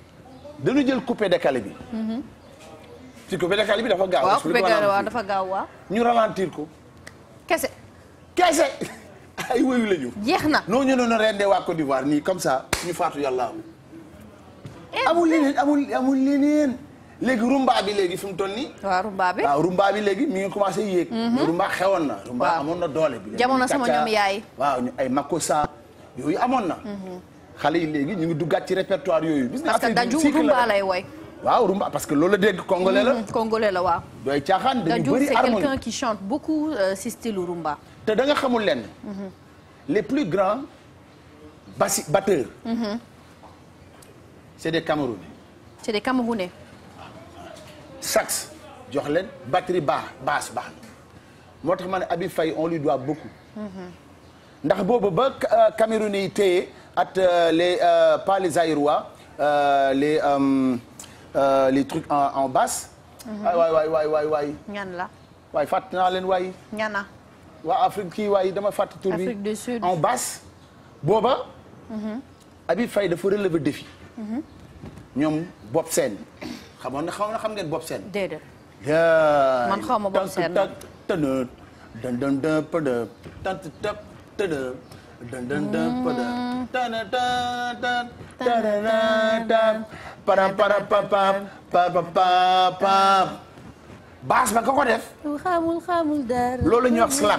dañu jël coupé décalé bi. Mhm. ci coupé décalé bi dafa gaaw. waaw coupé gaaw dafa gaaw waaw. ñu ralentir ko. kese. kese ay wéyu la jeex na noo ñu doon rendee waa Côte d'Ivoire nii comme ça ñu faatu yàlla amul. Eh, eh. amul leneen léegi rumba bi léegi fi mu toll nii. waaw rumba bi waaw rumba léegi mi ngi commencé yéeg. Mhm. rumba xewoon na. rumba amoon na doole jamono sama ñoom yaay. waaw ñu ay makosa yooyu amoon na. Mhm. xale yi léegi ñu ngi duggaat ci répertoire yooyu. bis na affaire parce que daju rumba lay woy. waaw rumba parce que loolu la dégg congolais la. Mhm, congolais la waa doy caaxaan dañu bëri harmonie c'est quelqu'un qui chante beaucoup euh, si style rumba. te danga xamul lenn. les plus grands bassi batteurs. c'est des Camerounais. c'est des Camerounais. sax jox leen batri baax basse baax moo tax ma ne Habib on lui doit beaucoup. Mm-hmm. ndax boobu ba euh, Cameroun yi at euh, les euh, pas les Zaïrois les les trucs en en basse. Mm-hmm. Ah, waay waay waay waay waay. ñan la. waay fàtt naa leen waay. ñana. waa Afrique kii waay dama fàtt tur bi Afrique du Sud en booba. Mm-hmm. Habib Faye dafa Bob Sène. xamoon na xamoon na xam ngeen bopp seen. déedéet. man xaw ma bopp seen nag tànk tànk tànk pëdë tànk tànk tëdë. baas ba ka ko def. xamul xamul dara. loolu la ñuy wax slap.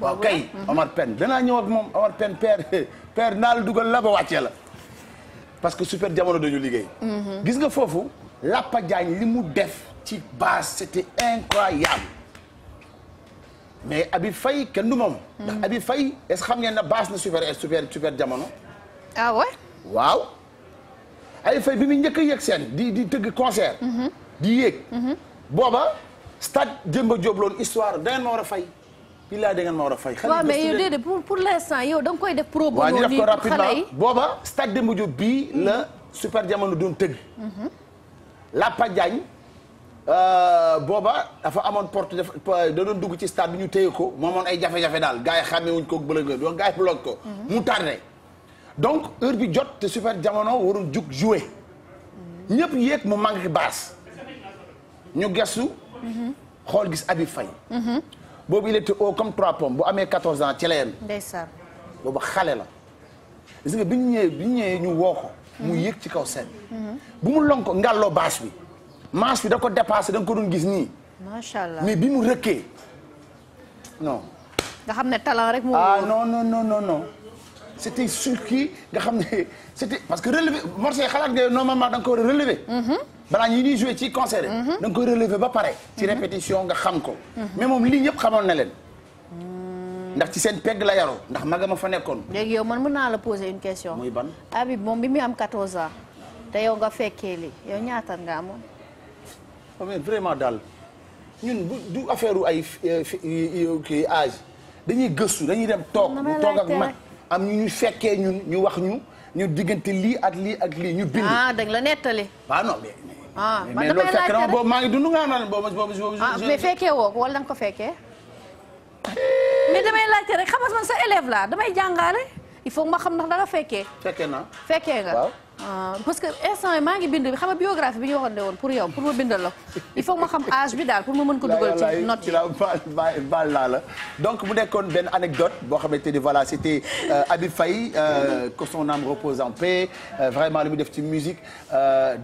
waaw kay Omar Pène danaa ñëw ak moom Omar Pène père père naa la dugal la ba wàccee la parce que super jamono dañu liggéey. Mhm. gis nga foofu. Lapa Diagne li mu def ci base c'était incroyable mais Habib Faye kenn du moom. ndax mm. abi fay est xam ngeen ne base na super super super jamono. ah waaw Habib Faye bi mu njëkk a seen di di tëgg concert. Mm-hmm. di yéeg. Mm-hmm. booba stade Demba Diop loon histoire da war a fay. billaay da ngeen ma a fay. xale waaw mais pour pour l'instant yow da nga koy def. pro bono nii pour xale yi waaw booba stade Demba Diop bii la mm-hmm. super jamono doon tëgg. Lapa Diagne euh, booba dafa amoon porte def da doon dugg ci stade bi ñu téye ko moom ay jafe-jafe daal gars xàmmee wuñ ko bële donc gars yi bloqué ko. Mhm. mu tardé donc heure bi jot te super jamono warul jug jouer ñëpp yéeg mu manqué baas ñu gestu. Mhm. xool gis abi Faye. Mhm. boobu il était haut comme trois pommes bu amee 14 ans ci la yem. ndeysaan. xale la. bi ñu ñëwee ñu woo ko. mu yëg ci kaw seen bu mu lonko ngàlloo baas bi manche bi da ko dépassé da nga ko doon gis nii. macha allah mais bi mu rëkkee non. nga xam ne talent rek moo. ah non non non non non c'était sur kii nga xam ne c'était parce que relevé morceau yi xalaat nga normalement da nga ko war a relever. Mhm. jouer ci concert mhm. da nga ba pare. ci mhm. répétition nga xam ko. mais moom lii ñëpp xamoon na leen. Mm. ndax ci seen pegg la yaroo ndax magama fa nekkoon. léegi yow man mën naa la poser une question. muy ban Habib moom bi muy am 14 ans. te yow nga fekkee li yow ñaata nga amoon. Oh, mais vraiment daal ñun bu du affaire ay euh, kii âge dañuy gëstu dañuy dem toog. bu toog ak mag am ñu ñu fekkee ñun ñu wax ñu ñu diggante lii ak lii ak lii ñu bind. ah dañ la nettali. waaw non mais. ah man damay laajte mais loolu fekk na boobu maa ngi dund nga naan boobu boobu. ah mais fekkee woo ko wala da nga ko fekkee. mais damay laajte rek xam nga man sa élève laa damay jàngaale il faut ma xam ndax danga fekkee. fekkee naa fekkee nga. Ah, parce que instant yi maa ngi bind xam nga biographie bi ñu waxoon ne woon pour yow pour ma bindal la il faut ma xam âge bi daal pour ma mën ko dugal ci note yi baal naa la donc mu nekkoon benn anecdote boo xamante ni voilà c'était euh, Habib Faye euh, que son âme repose en paix euh, vraiment li mu def ci musique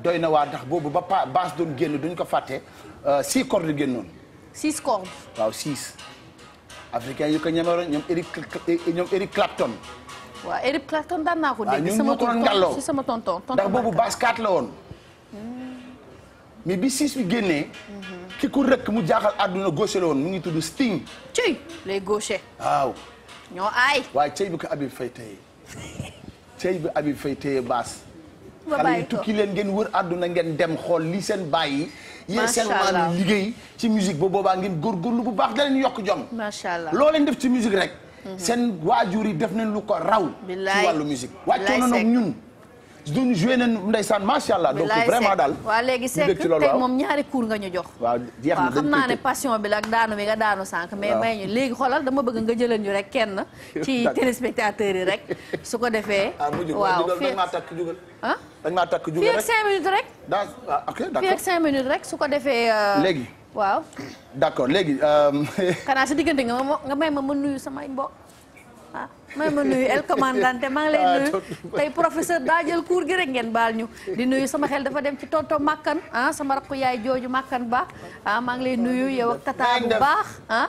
doy na waa ndax boobu ba pa baas doon génn duñ ko fàtte six cordes génnoon six cordes waaw six africain yu ko ñemeroon eh, ñoom Eric Clapton. waaw Eric Clapton daan naa ko dégg. ñun sama tonton ndax boobu basket la woon. mais bi siis bi génnee. ki ku rëkk mu jaaxal àdduna gaucher la woon mu ngi tudd Sting. cëy les gauchers. waaw. ñoo aay. waaye cëy bi ko Habib Faye téye cëy bi Habib Faye téye baas. xale yi tukki leen ngeen wër àdduna ngeen dem xool li seen bàyyi yéen seen maam liggéey ci musique ba boobaa ngeen góorgóorlu bu baax da leen yokk jom macha allah loo leen def ci musique rek mhm. seen waajur yi def nañ lu ko raw ci wàllu musique wàccoon na nag ñun duñ joué nañ ndeysaan macha allah. donc vraiment daal waaw léegi Seck tey moom ñaari cours nga ñu jox. waaw jeex na xam naa ne passion bi la ak daanu bi nga daanu sànq. mais may ñu léegi xoolal dama bëgg nga jëlal ñu rek kenn. ci téléspectateurs yi rek su ko defee. Ah, waaw fii ah dañ maa takk jugal rek ah? fii ak 5 minutes rek. dans ah, ok d'accord fii ak 5 rek su ko defee. Euh, léegi waaw. d'accord léegi. Euh, xanaa si diggante nga ma nga may ma ma nuyu samay mbokk. ah may ma nuyu el commandante maa ngi lay ah, nuyu tey professeur daa jël cours gi rek ngeen baal ñu di nuyu sama xel dafa dem ci tonton Makkan ah, sama rakku yaay jooju Makkan ba ah maa ngi lay nuyu yow ak tata bu baax ah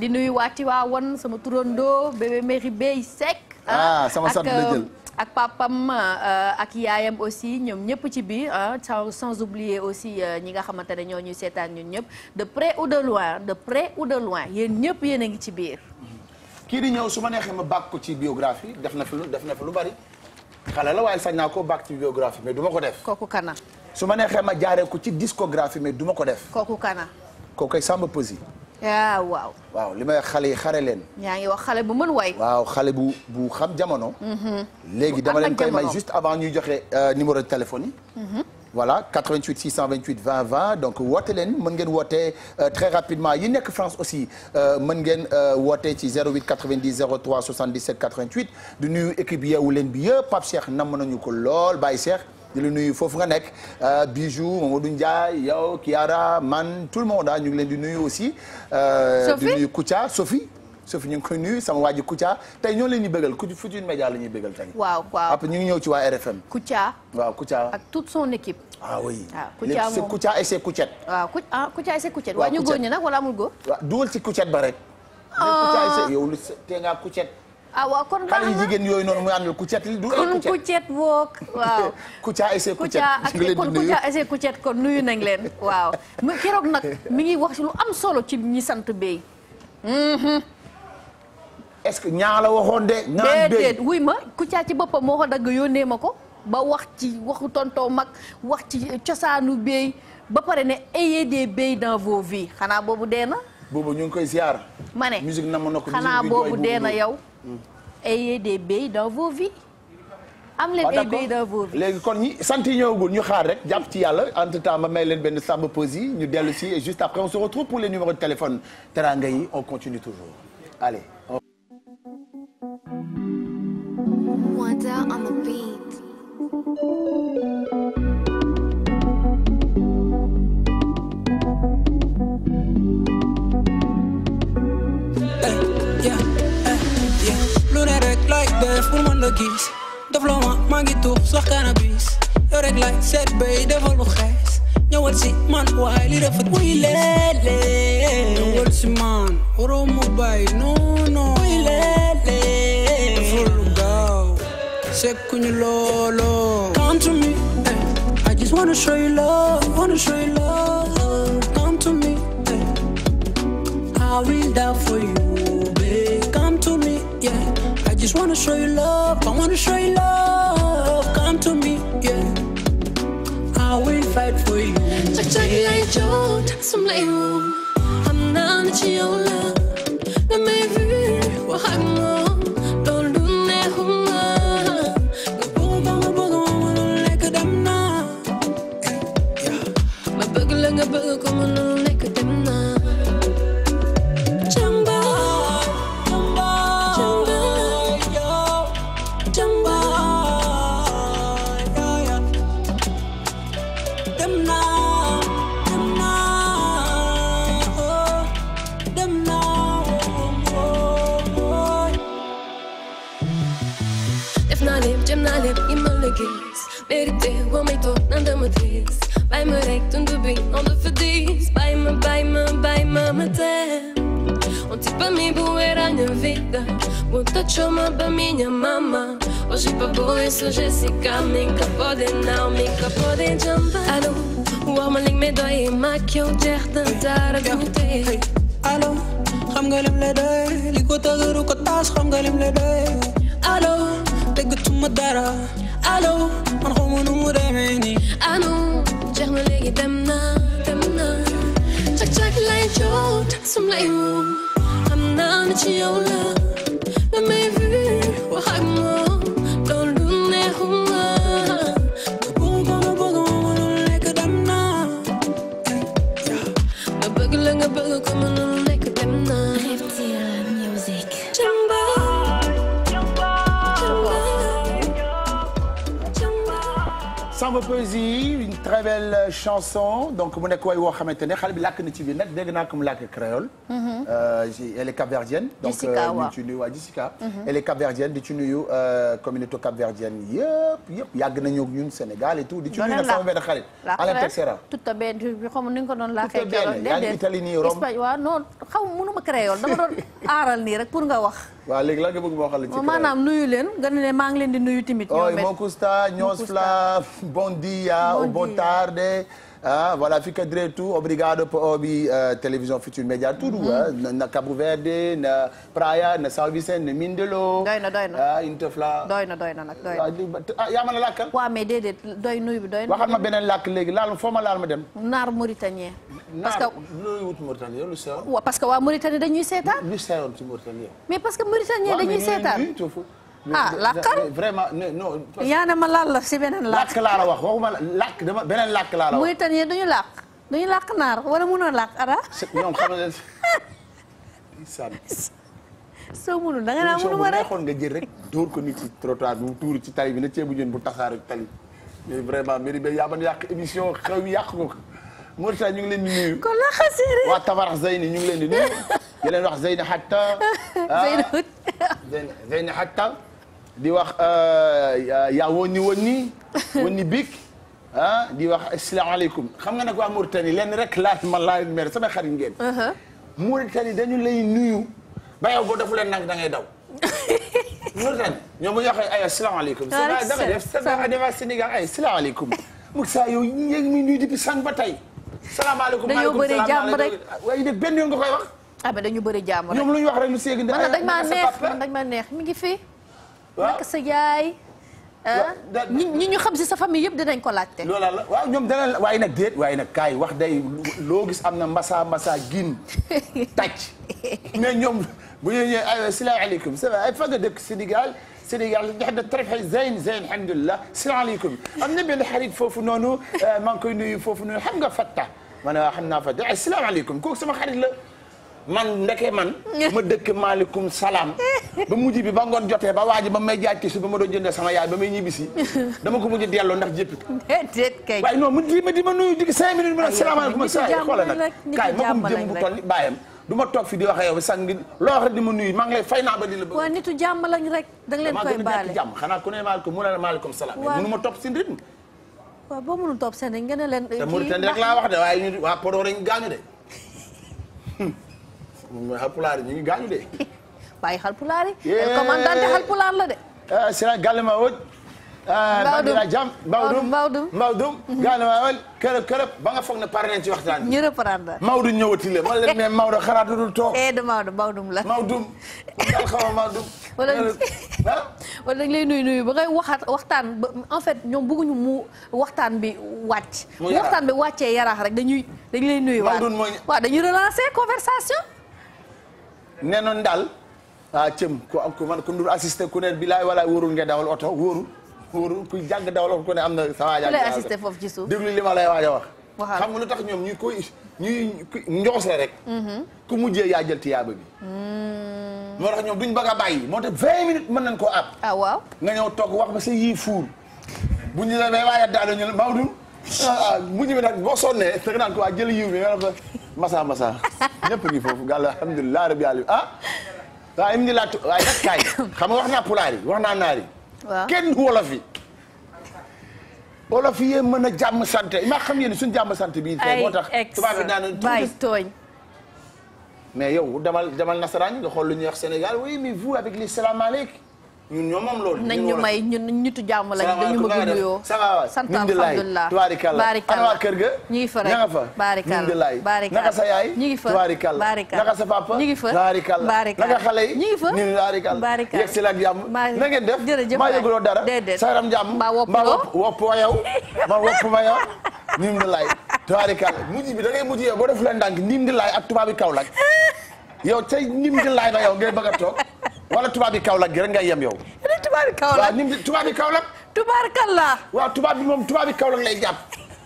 di nuyu waa Tiwaawan sama turandoo bébé Méri Bey Seck ah, ah sama sant euh, ak papam euh, ak yaayam aussi ñoom ñëpp ci biir sans sans oublier aussi euh, ñi nga xamante ne ñoo ñuy seetaan ñun ñëpp de près ou de loin de près ou de loin yéen ñëpp yéen a ngi ci biir kii di ñëw su ma neexee ma bàkk ko ci biographie def na fi lu def na fi lu bari xale la waaye sañ naa koo bàkk ci biographie mais du ma ko def. kooku kana. su ma neexee ma jaaree ko ci discographie mais du ma ko def. kooku kana. kooku kay Samba Peuzzi. ah waaw. waaw li may xale yi xare leen. ñaa ngi wax xale bu mën way. waaw xale bu bu xam jamono. Mhm. léegi dama leen koy may juste avant ñuy joxe euh, numéro de téléphone yi. Mhm. voilà 88 628 20 20 donc woote leen mën ngeen woote euh, très rapidement yi nekk France aussi euh, mën ngeen euh, woote ci 08 90 03 77 88 du nuyu équipe yeewu leen bi yëpp Pape Cheikh namm nañu ko lool Baye Cheikh di la nuyu foofu nga nekk Bijou Mamadou Ndiaye yow Kiara man tout le monde ah ñu ngi leen di nuyu aussi. Sophie di nuyu Koutia Sophie. Sophie ñu ngi koy nuyu sama waa ji Kouthia tey ñoo leen di bégal ku Futurs Médias la ñuy bégal tey. waaw waaw après ñu ngi ñëw ci waa RFM. Kouthia. waaw Kouthia ak toute son équipe. ah oui ah, léegi c'est Kouthia et c'est Kouthia. waaw Kouthia ah Kouthia et c'est Kouthia. waaw Kouthia ñu góor ñi nag wala amul ah. ah, kon baax na xale jigéen yooyu noonu muy àndal Kouthia li du. kon Kouthia boog waaw. Kouthia et c'est Kouthia kon Kouthia et c'est Kouthia kon nuyu nañ leen waaw. keroog nag mi ngi wax lu am solo ci ñi sant Bey mhm. est-ce que ñaa la waxoon de. ñaan déedéet wuy ma Kouthia ci boppam moo ko dagg yónnee ma ko ba wax ci waxu tontoo mag wax ci cosaanu béy ba pare ne ayez des béy dans vos vies xanaa boobu dee na. boobu ñu ngi koy ziar. ma ne musique na ma na ko xanaa boobu dee na yow. Mm. ayez des béy dans vos vies. am leen ah, ay béy dans vos vies léegi kon ñi sant yi ñu xaar rek jàpp ci yàlla entre temps ma may leen benn sàmm pause yi ñu dellu si et juste après on se retrouve pour les numéros de téléphone teranga yi on continue toujours Wanda on the beat. def pour mën la gis def la ma maa ngi tuux sax cannabis yow rek laay seet bay defal lu xees ñëwal si man waaye li rafet wuy léelé ñëwal si man waroo mu bàyyi non non wuy léelé sekkuñu looloo. come to me eh. I just wanna show you love wanna show you love come to me eh. I will die for you babe come to me yeah I just wanna show you love I wanna show you love come to me yeah I will fight for you 갑자기 나의 저 단숨 내요 I'm not your love 난 매일 화하며 nga bëgg ko mënul dem na jamba jamba jamba jamba dem na dem na dem na def na lépp jëm na lépp i ma la gis wa may toog naan dama triste Bij me rekt und du bin und du verdienst Bij me, bij me, bij me meteen Und tipa mi buera mama Hoje pa boy sou Jessica Minka pode não, minka pode jumpa Alô, o alma ling me Li ko tagaru ko taas xam nga lim le doy Alô, tegutuma dara Alô, man xamu nu mu demee nii jeex na léegi dem naa dem naa cak cak lay jot sum lay woo xam naa ne ci yow la damay vu wax ak moom Samba Peuzzi une très belle chanson donc mu nekk way woo xamante ne xale bi làkk na ci biir nag dégg naa ko mu làkk créole. Mm-hmm. Euh, elle est capverdienne. donc ñu euh, ci nuyu waa Jessica. Mm-hmm. elle est capverdienne di ci nuyu euh, communauté capverdienne yëpp yëpp yàgg nañu ñun Sénégal et tout. di ci nuyu nag sama benn xarit. Alain Texera tout à fait xaw ni nga ko doon làkkee créole. déedéet yaa ngi Italie nii Rome. Espagne waaw non xaw mënuma créole dama doon aaral nii rek pour nga wax. waaw léegi lan nga bëgg moo xam ne ci maanaam nuyu leen nga ne maa ngi leen di nuyu tamit. ñoom it ooy Mokusta Ñoos Fla bon dia ou bon tarde. ah voilà ficadre tout obrigado por ouvir euh, télévision Futurs Médias tudo mhm. na Cabo Verde na praia na São Vicente na mine doy na doy na ah Intefla doy na doy na nag doy na ah, ah, yaa a làkkal ah? waaw mais doy nuyu bi doy na waxal ma beneen làkk léegi laal foo ma laal ma dem naar mauritanien parce que looy wut mauritanien lu seewoon parce que waa Mauritanie dañuy seetaan lu seewoon mais parce que mauritanien dañuy seetaan ah làkkal vraiment non. yaa ne ma laal la si beneen làkk. làkk laa la wax waxuma làkk dama beneen làkk laa la wax. muy tënye duñu làkk duñu làkk naar wala mënoo làkk ara. ñoom xam nga. soo mënul da nga naa mënu ma rek nga jël rek dóor ko nit ci trottoir bu tuuru ci tali bi na ceebu jën bu tasaare tali. mais vraiment mbir mi yaa ban yàq émission xew yàq ko Moussa ñu ngi leen di nuyu. kon la xasee waa Tabarak Zeyni ñu ngi leen di nuyu. di leen wax Zeyni Hatta. Zeyni ah. Zeyni Hatta. di wax euh, yaa woni woni woni bik ah di wax asalaamaaleykum xam nga nag waa Mauritanie lenn rek laaj ma laaj mer sama xarit ngeen. Uh-huh. Mauritanie dañu lay nuyu. ba yow boo defulee nag da ngay daw. Mauritanie ñoom bu ñu waxee ay asalaamaaleykum. waaleykum salaam def sa dafa Sénégal ay asalaamaaleykum. Moussa yow yéeg mi nuyu depuis sànq ba tey. salaamaaleykum salaam dañoo bëri jàmm rek. waaye de benn yoon nga koy wax. ah mais dañu bëri jàmm rek ñoom lu ñu wax rek lu seeg. dañ maa neex man dañ maa neex mi ngi fi. naka sa yaay. Ah? ñi ñu xam si sa famille yëpp dinañ ko laajte. loola la waaw ñoom dana la waaye nag déet waaye nag kaay wax day loo gis am na masa masa gin tàcc mais ñoom bu ñu ñëwee aywa salaamaaleykum ça va ay fan nga dëkk Sénégal Sénégal ndax da traité Zayn Zayn alhamdulilah salaamaaleykum am na benn xarit foofu noonu euh, maa ngi koy nuyu foofu noonu xam nga Fatta ma ne xam naa Fatta ay salaamaaleykum kooku sama xarit la. man ndeke man ma dëkk maaleykum salaam ba mujj bi ba ngoon jotee ba waaji ba may jaaj tissu ba ma doon jëndee sama yaay ba may ñibbisi dama ko mujj delloo ndax jéppi ko déedéet kay waaye non di ma di ma nuyu digi cinq minutes mu ne salaamaaleykum xoolal nag kaay ma ma toog fi di waxee yow sànq di loo wax ma nuyu maa ngi lay fay naa ba di la bëgg waaw nitu jàmm leen koy xanaa ku ne maaleykum mu ne la maaleykum ma topp seen rythme waaw boo ne leen te Mauritanie rek laa wax de waaye ñu waa Podor dañ gaañu de mooy xalpulaar yi ñu ngi gaañu de. waaye xalpulaar yi. el commandante xalpulaar la de. Ah, sira gallema wod. Ah, bandira jam mbawdum mbawdum mbawdum mhm. gallema wod kërëb kërëb ba nga foog ne pare nañ ci waxtaan ñu reprendre Maodo ñëwati la ma leen mais Maodo xalaat dul toog eh de Maodo mbawdum la mbawdum dal xaw mbawdum wala ah? wala dañ lay nuyu nuyu ba ngay waxaat waxtaan ba en fait ñoom bëgguñu mu waxtaan bi wàcc waxtaan bi wàccee yaraax rek dañuy dañ lay nuyu waat waaw dañuy relancer conversation nee noon daal ah cëm ku man ku dul assisté ku ne bilaay walaay wóorul nga dawal oto wóorul wóorul ku jàng dawal oto ku ne am na. sa waajal ku lay assisté foofu ci suuf déglu li ma lay waaj a wax. xam nga lu tax ñoom ñu koy ñuy njoos la rek. Mm-hmm. ku mujjee yaa jël tiyaaba bi. Mm. moo tax ñoom duñ bëgg a ah, ñëw toog wax ba sa yii fuur bu ñu la may waaye daal ñu ne Ah, mujj bi nag boo sonnee da nga naan ko waa jëli yiw bi nga naan ko masa foofu gàll alhamdulilah rabbi alim ah waaye im ni laatu waaye nag kaay xam nga wax naa pulaar yi wax naa naar yi waaw kenn wolof yi wolof yi mën a jàmm sante maa xam ngeen ni suñu jàmm sante bi tey moo tax tubaab bi naan mais yow demal demal nasaraan nga xool lu ñuy wax Sénégal oui mais vous avec les salaamaaleykum ñun ñoo moom loolu. nañ ñu may ñun ñitu jàmm lañ dañu bëgg a nuyoo. sant alhamdulilah tubaarikàlla ana waa kër ga. ñi ngi fa rek ña nga fa. baarikàlla baarikàlla naka sa yaay. ñi ngi fa tubaarikàlla baarikàlla naka sa papa. ñi ngi fa baarikàlla baarikàlla naka xale yi. ñi ngi fa baarikàlla baarikàlla yegg si la ak jàmm. na ngeen def jërëjëf maa yëguloo dara. déedéet sa yaram jàmm mbaa wopp loo wopp wa yow ma wopp ma yow nim di laay tubaarikàlla mujj bi da ngay mujj yow boo def leen ndànk nim di laay ak tubaabi Kaolack yow tey nim di laay ba yow ngay bëgg a toog wala tubaabi Kaolack gi rek nga yem yow. yéen tubaabi Kaolack waaw ni tubaabi Kaolack. tubaar kàllaa. waaw tubaab bi moom tubaabi Kaolack lay jàpp.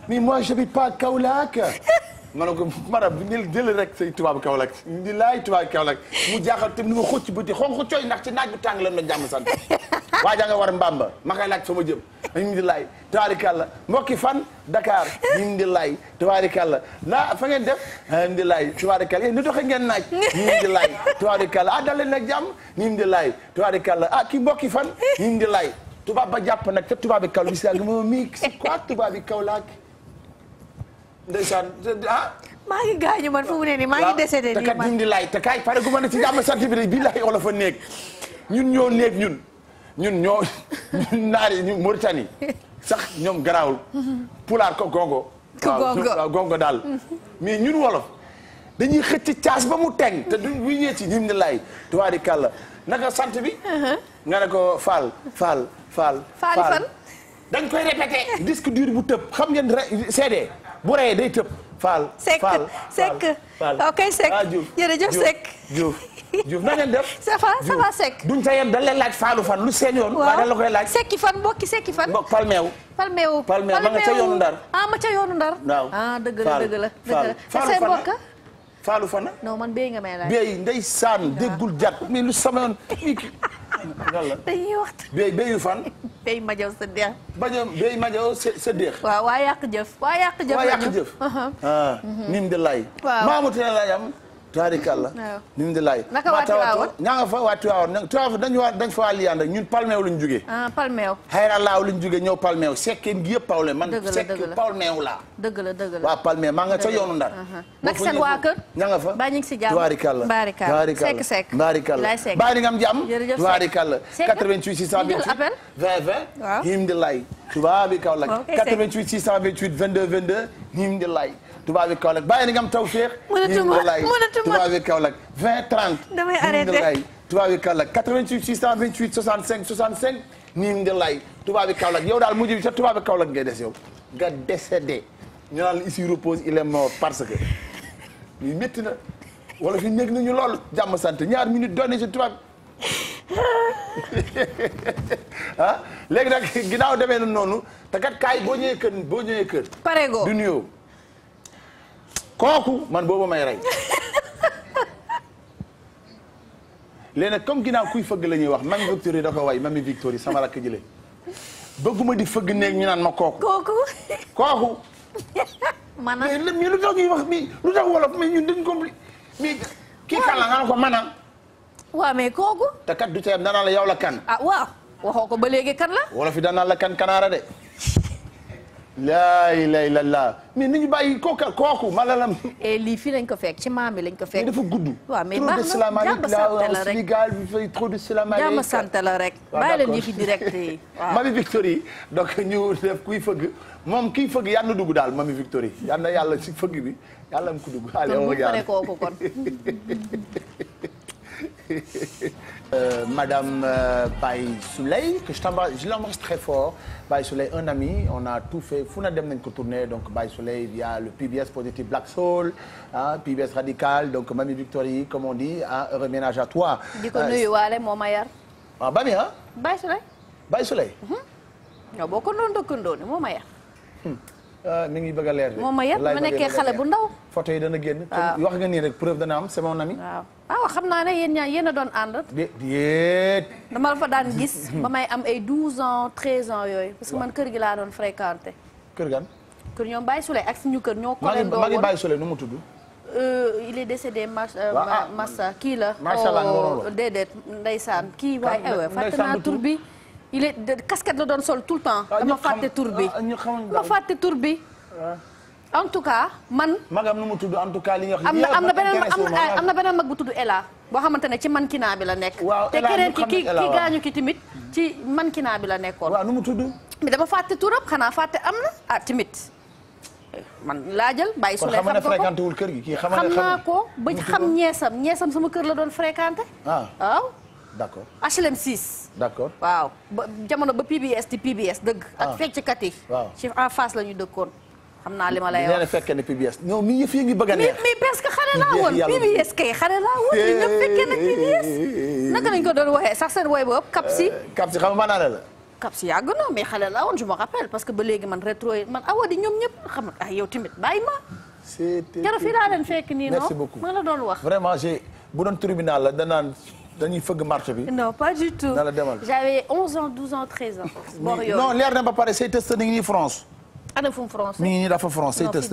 mais moi je vis pas Kaolack. ma ne ko madame jël jël rek say tubaab Kaolack di laay tubaab Kaolack mu jaaxal te ni ma xócc bëti xonq cooy ndax ci naaj bu tàng lan jàmm sant waa jaa nga war Mbamba ma koy laaj fa ma jëm ñu di laay tabaarikàlla mbokki fan Dakar ñu di laay tabaarikàlla naa fa ngeen def ñu laay tabaarikàlla yéen ni doxe ngeen naaj ñu di laay tabaarikàlla ah dal leen nag jàmm ñu di laay tabaarikàlla ah ki mbokki fan ñu di laay tubaab ba jàpp nag ca tubaab bi kaw bi si mi quoi tubaab bi kaw ndeysaan ah. maa ngi gaañu man fu mu nii maa ngi décédé nii man te kat te kaay pare gu ma ne ci jàmm sant bi de bii laay olofa ñun ñoo néeg ñun ñun ñoo ñun naari sax ñoom garaawul. pulaar ko gongo. ko gongo daal. mais ñun wolof dañuy xëcc caas ba mu teng te duñ bu ñëwee ci ñun ne laay tuwaari kàlla naka sant bi. Uh-huh. nga ne ko Fall Fall Fall. Fall fan. dañ koy répété. disque dur bu tëb xam ngeen CD. bu reyee day tëb. Fall Fall Seck Seck ok Seck jërëjëf Seck Diouf na ngeen def. ça va ça va Seck. yem dañ lay laaj Fallou fan lu seen yoon. waaw dañ la laaj Sekki fan mbokki Sekki fan. mbokk Palmeew. Palmeew Palmeew ma nga ca yoonu Ndar. ah ma ca yoonu Ndar. waaw ah dëgg la dëgg la. Fall Fallou fan mbokk man béy nga may laaj. béy ndey saan déggul jàpp mais lu sama yoon. lan la dañuy waxtaan. béy béyu fan. béy majaw sa deex. majaw béy majaw sa deex. waaw waa yàq jëf. waa yàq jëf waa yàq jëf. Uh-huh. ah. taarikàlla nim nga fa waa Tiwaawan Tiwaawan dañ fa waa liyaan rek ñun palmeew lañ jógee ah, palmeew xayra laaw lañ jógee ñëw palmeew sekkeen gi yëpp palmeew man sekk palmeew laa dëgg la dëgg la waa palmeew maa nga ca yoonu ndar nag seen waa kër ñaa fa baa ñu si jàmm taarikàlla taarikàlla sekk sekk baa ni am jàmm taarikàlla 88 628 20 20 him di laay tubaabi kaw la 88 628 him di laay Touba Ville Kaolack bàyyi ni nga am tawféex. mënatuma mënatuma Touba Ville Kaolack 20 30. damay arrêté Touba Ville Kaolack 88 628 65 65. niim de lay yow daal mujj bi ca Touba Ville Kaolack ngay des yow nga décédé ñu naan que ñu métti na wala fi nekk nañu lool jàmm sant ñaar minute doon nañu si Touba ah léegi nag ginaaw demee na noonu te kat kaay boo ñëwee kër boo ñëwee kër. pare go du nuyoo. kooku man booba may rey léegi nag comme ginnaaw kuy fëgg la ñuy wax man Victoire yi dafa way mami Victoire yi sama rakk jële bëgguma di fëgg neeg ñu naan ma kooku. kooku. kooku. maanaam mais lu tax ñuy wax mi lu tax wolof mais ñun dañ ko mais kii kan la ko mana a. waaw kooku. te du ca danaa la yow la kan. ah waxoo ko ba léegi kan la. wolof yi danaa la kan kanaara de. laa ilaaha illallaah mais ni ñu bàyyi kooka kooku malalam. et lii fii lañ ko fekk ci maam yi lañ ko fekk. dafa gudd. waaw mais baax na jàmm sant la rek Sénégal bi fay sant la rek. bàyyi leen yëfi direct yi waaw. mami Victory donc ñu def kuy fëgg moom kiy fëgg yàlla na dugg daal mami Victory yàlla na yàlla si fëgg bi yàlla am ku dugg. allez on regarde kon bu euh, Madame euh, Baye Souley que je t'embrasse je l'embrasse très fort Baye Souley un ami on a tout fait fu na dem nañ ko tourner donc Baye Souley via le PBS Positive Black Soul ah PBS Radical donc Mami Victory comme on dit ah heureux ménage à toi. di ko euh, nuyu waale moo ma yar. ah Bami ah. Baye Souley. Baye Souley. Mm-hmm. ñoo bokk noonu dëkkandoo ni moo ma yar. Hmm. Euh, mi ngi bëgg leer de. moom ma yëpp ma nekkee xale bu ndaw. photo dana génn. wax nga nii rek preuve dana am c'est mon ami. waaw waaw ah, xam naa ne yéen ñaa yéen a doon ànd. déet. dama la fa daan gis. ba may am ay 12 ans 13 ans yooyu. parce que man kër gi laa doon fréquenté. kër gan. kër ñoom Baye Souley ak suñu kër ñoo. ko leen doon maa ngi Baye Souley nu mu tudd. Euh, il est décédé euh, ah, Massa kii la. macha allah oh, déedéet ndeysaan kii waaye ewe eh fàtte naa tur bi il est de casquette la doon sol tout le temps. Ah, dama fàtte tur bi ah, bi. Ah. en tout cas man. magam nu mu tudd en tout li nga wax. am na am na beneen am na beneen mag bu tudd Ela. boo xamante ne ci mankinaa bi la nekk. waaw te keneen ki ki gaañu ki tamit ci mankinaa bi la nekkoon. waaw nu mu tudd. mais dama fàtte turam xanaa fàtte am na ah tamit man laa jël bàyyi. su lee xam ko fréquenté kër gi kii xam naa ko ba xam ñeesam ñeesam sama kër la doon fréquenté. waaw. d'accord HLM 6. d'accord waaw ba jamono ba PBS di PBS dëgg. Ah. ak fecckat yi. waaw ci en face la ñu dëkkoon. xam naa li ma lay wax fekkee ne PBS ñoom mi yëf yi ngi bëgg a neex. mais parce que xale laa woon PBS kay xale laa woon ñu ñëpp fekkee ne PBS. naka nañ ko doon waxee sax seen woy boobu Kapsi. Kapsi eh, xam nga maanaam la. Kapsi yàgg na mais xale laa woon je me rappelle parce que ba léegi man rétro yi man awa di ñoom ñëpp xam nga ah yow tamit bàyyi ma. c'est jërëjëf fii daa leen fekk nii non. merci beaucoup ma la doon wax. vraiment j'ai bu doon tribunal la danaan dañuy fëgg marché bi. non pas du tout na la demal. j'avais 11 ans 12 ans 13 ans. bor yooyu non leer na ba pare say test ni ngi nii France. ana fu mu France mi ngi nii dafa France say test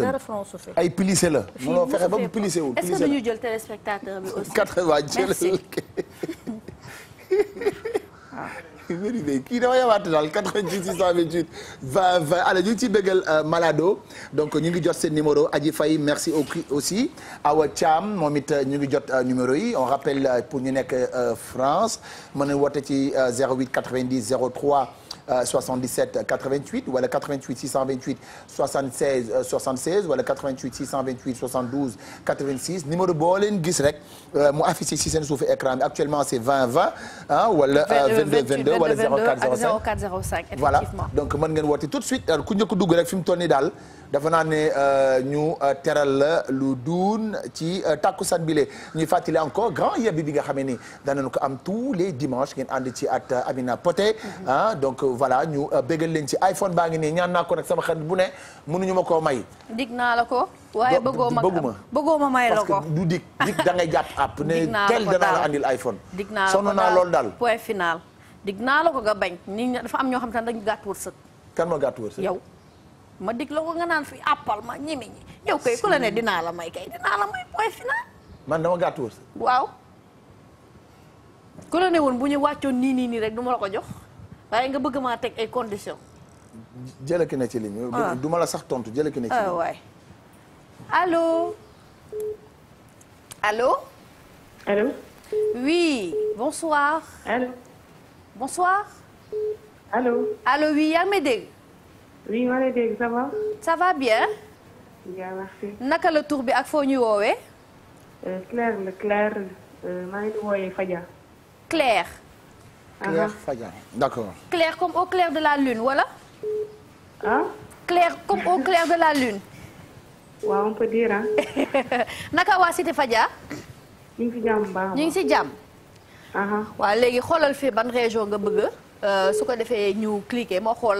ay plissé la. munoo fexe ba mu plissé wul est-ce que dañuy jël téléspectateur bi aussi. quatre waa jël. merci. Ah. vérifié kii dama waat daal 88 628 20 20 allez ñu ngi ciy bëggal euh, Malado donc ñu ngi jot seen numéro aji Faye merci aussi Awa Thiam moom it euh, ñu ngi jot euh, numéro yi on rappelle pour ñu nekk France mën na woote ci 08 90 03. 77 euh, 88 euh, wala 88 628 76 76 wala 88 628 72 86 numéro boo leen gis rek euh, mu affiché ci seen suufu écran bi actuellement c'est 20 20 ah fi mu toll nii daal. dafa naa ne euh, ñu euh, teral la lu duun ci euh, sat bile ñu fàttali encore grand yebbi bi nga xamee ni dana danañ ko am tous les dimanches ngeen ànd ci at Amina Poté mhm. ah donc voilà ñu bégal leen ci iPhone baa ngi nii ñaan naa ko nag sama xarit bu ne mënuñu ma koo may. dig naa la ko. waaye bëggoo ma bëggoo ma may la ko parce que du dig dig da ngay jàpp app ne tel danaa la andil iPhone. dig naa la ko daal naa loolu daal. point final dig naa la ko nga bañ. nit ñi dafa am ñoo xam te ne dañu gàtt wërsëg. kan moo gàtt wërsëg yow. ma dig la ko nga naan fi appal ma ñeme yow kay ku ne dinaa la may kay dinaa la may point final. man dama gàtt wërsëg. waaw ku ne woon bu ñu wàccoon nii nii nii rek duma la ko jox waaye nga bëgg maa teg ay conditions. jële ki ne ci ligne bi. Ah. du ma la sax tontu jële ki ne ci ligne bi. Ah, waay allo allo. allo. oui bonsoir. allo. bonsoir. allo. allo oui yaa ngi may dégg. oui ma lay dégg ça va. bien. naka la tur bi ak foo ñuy woowee. Euh, Claire la Claire euh, maa ngi wooyee Fadia. Claire. Ah, Claire ah. Fadia d'accord. Claire comme au clair de la lune la lune. waaw on naka waa Cité Fadia. ñu ngi ci jàmm baax ñu ngi ci jàmm. Ah, waaw léegi xoolal fi ban région nga bëgg Euh, su ko defee ñu cliquer moo xool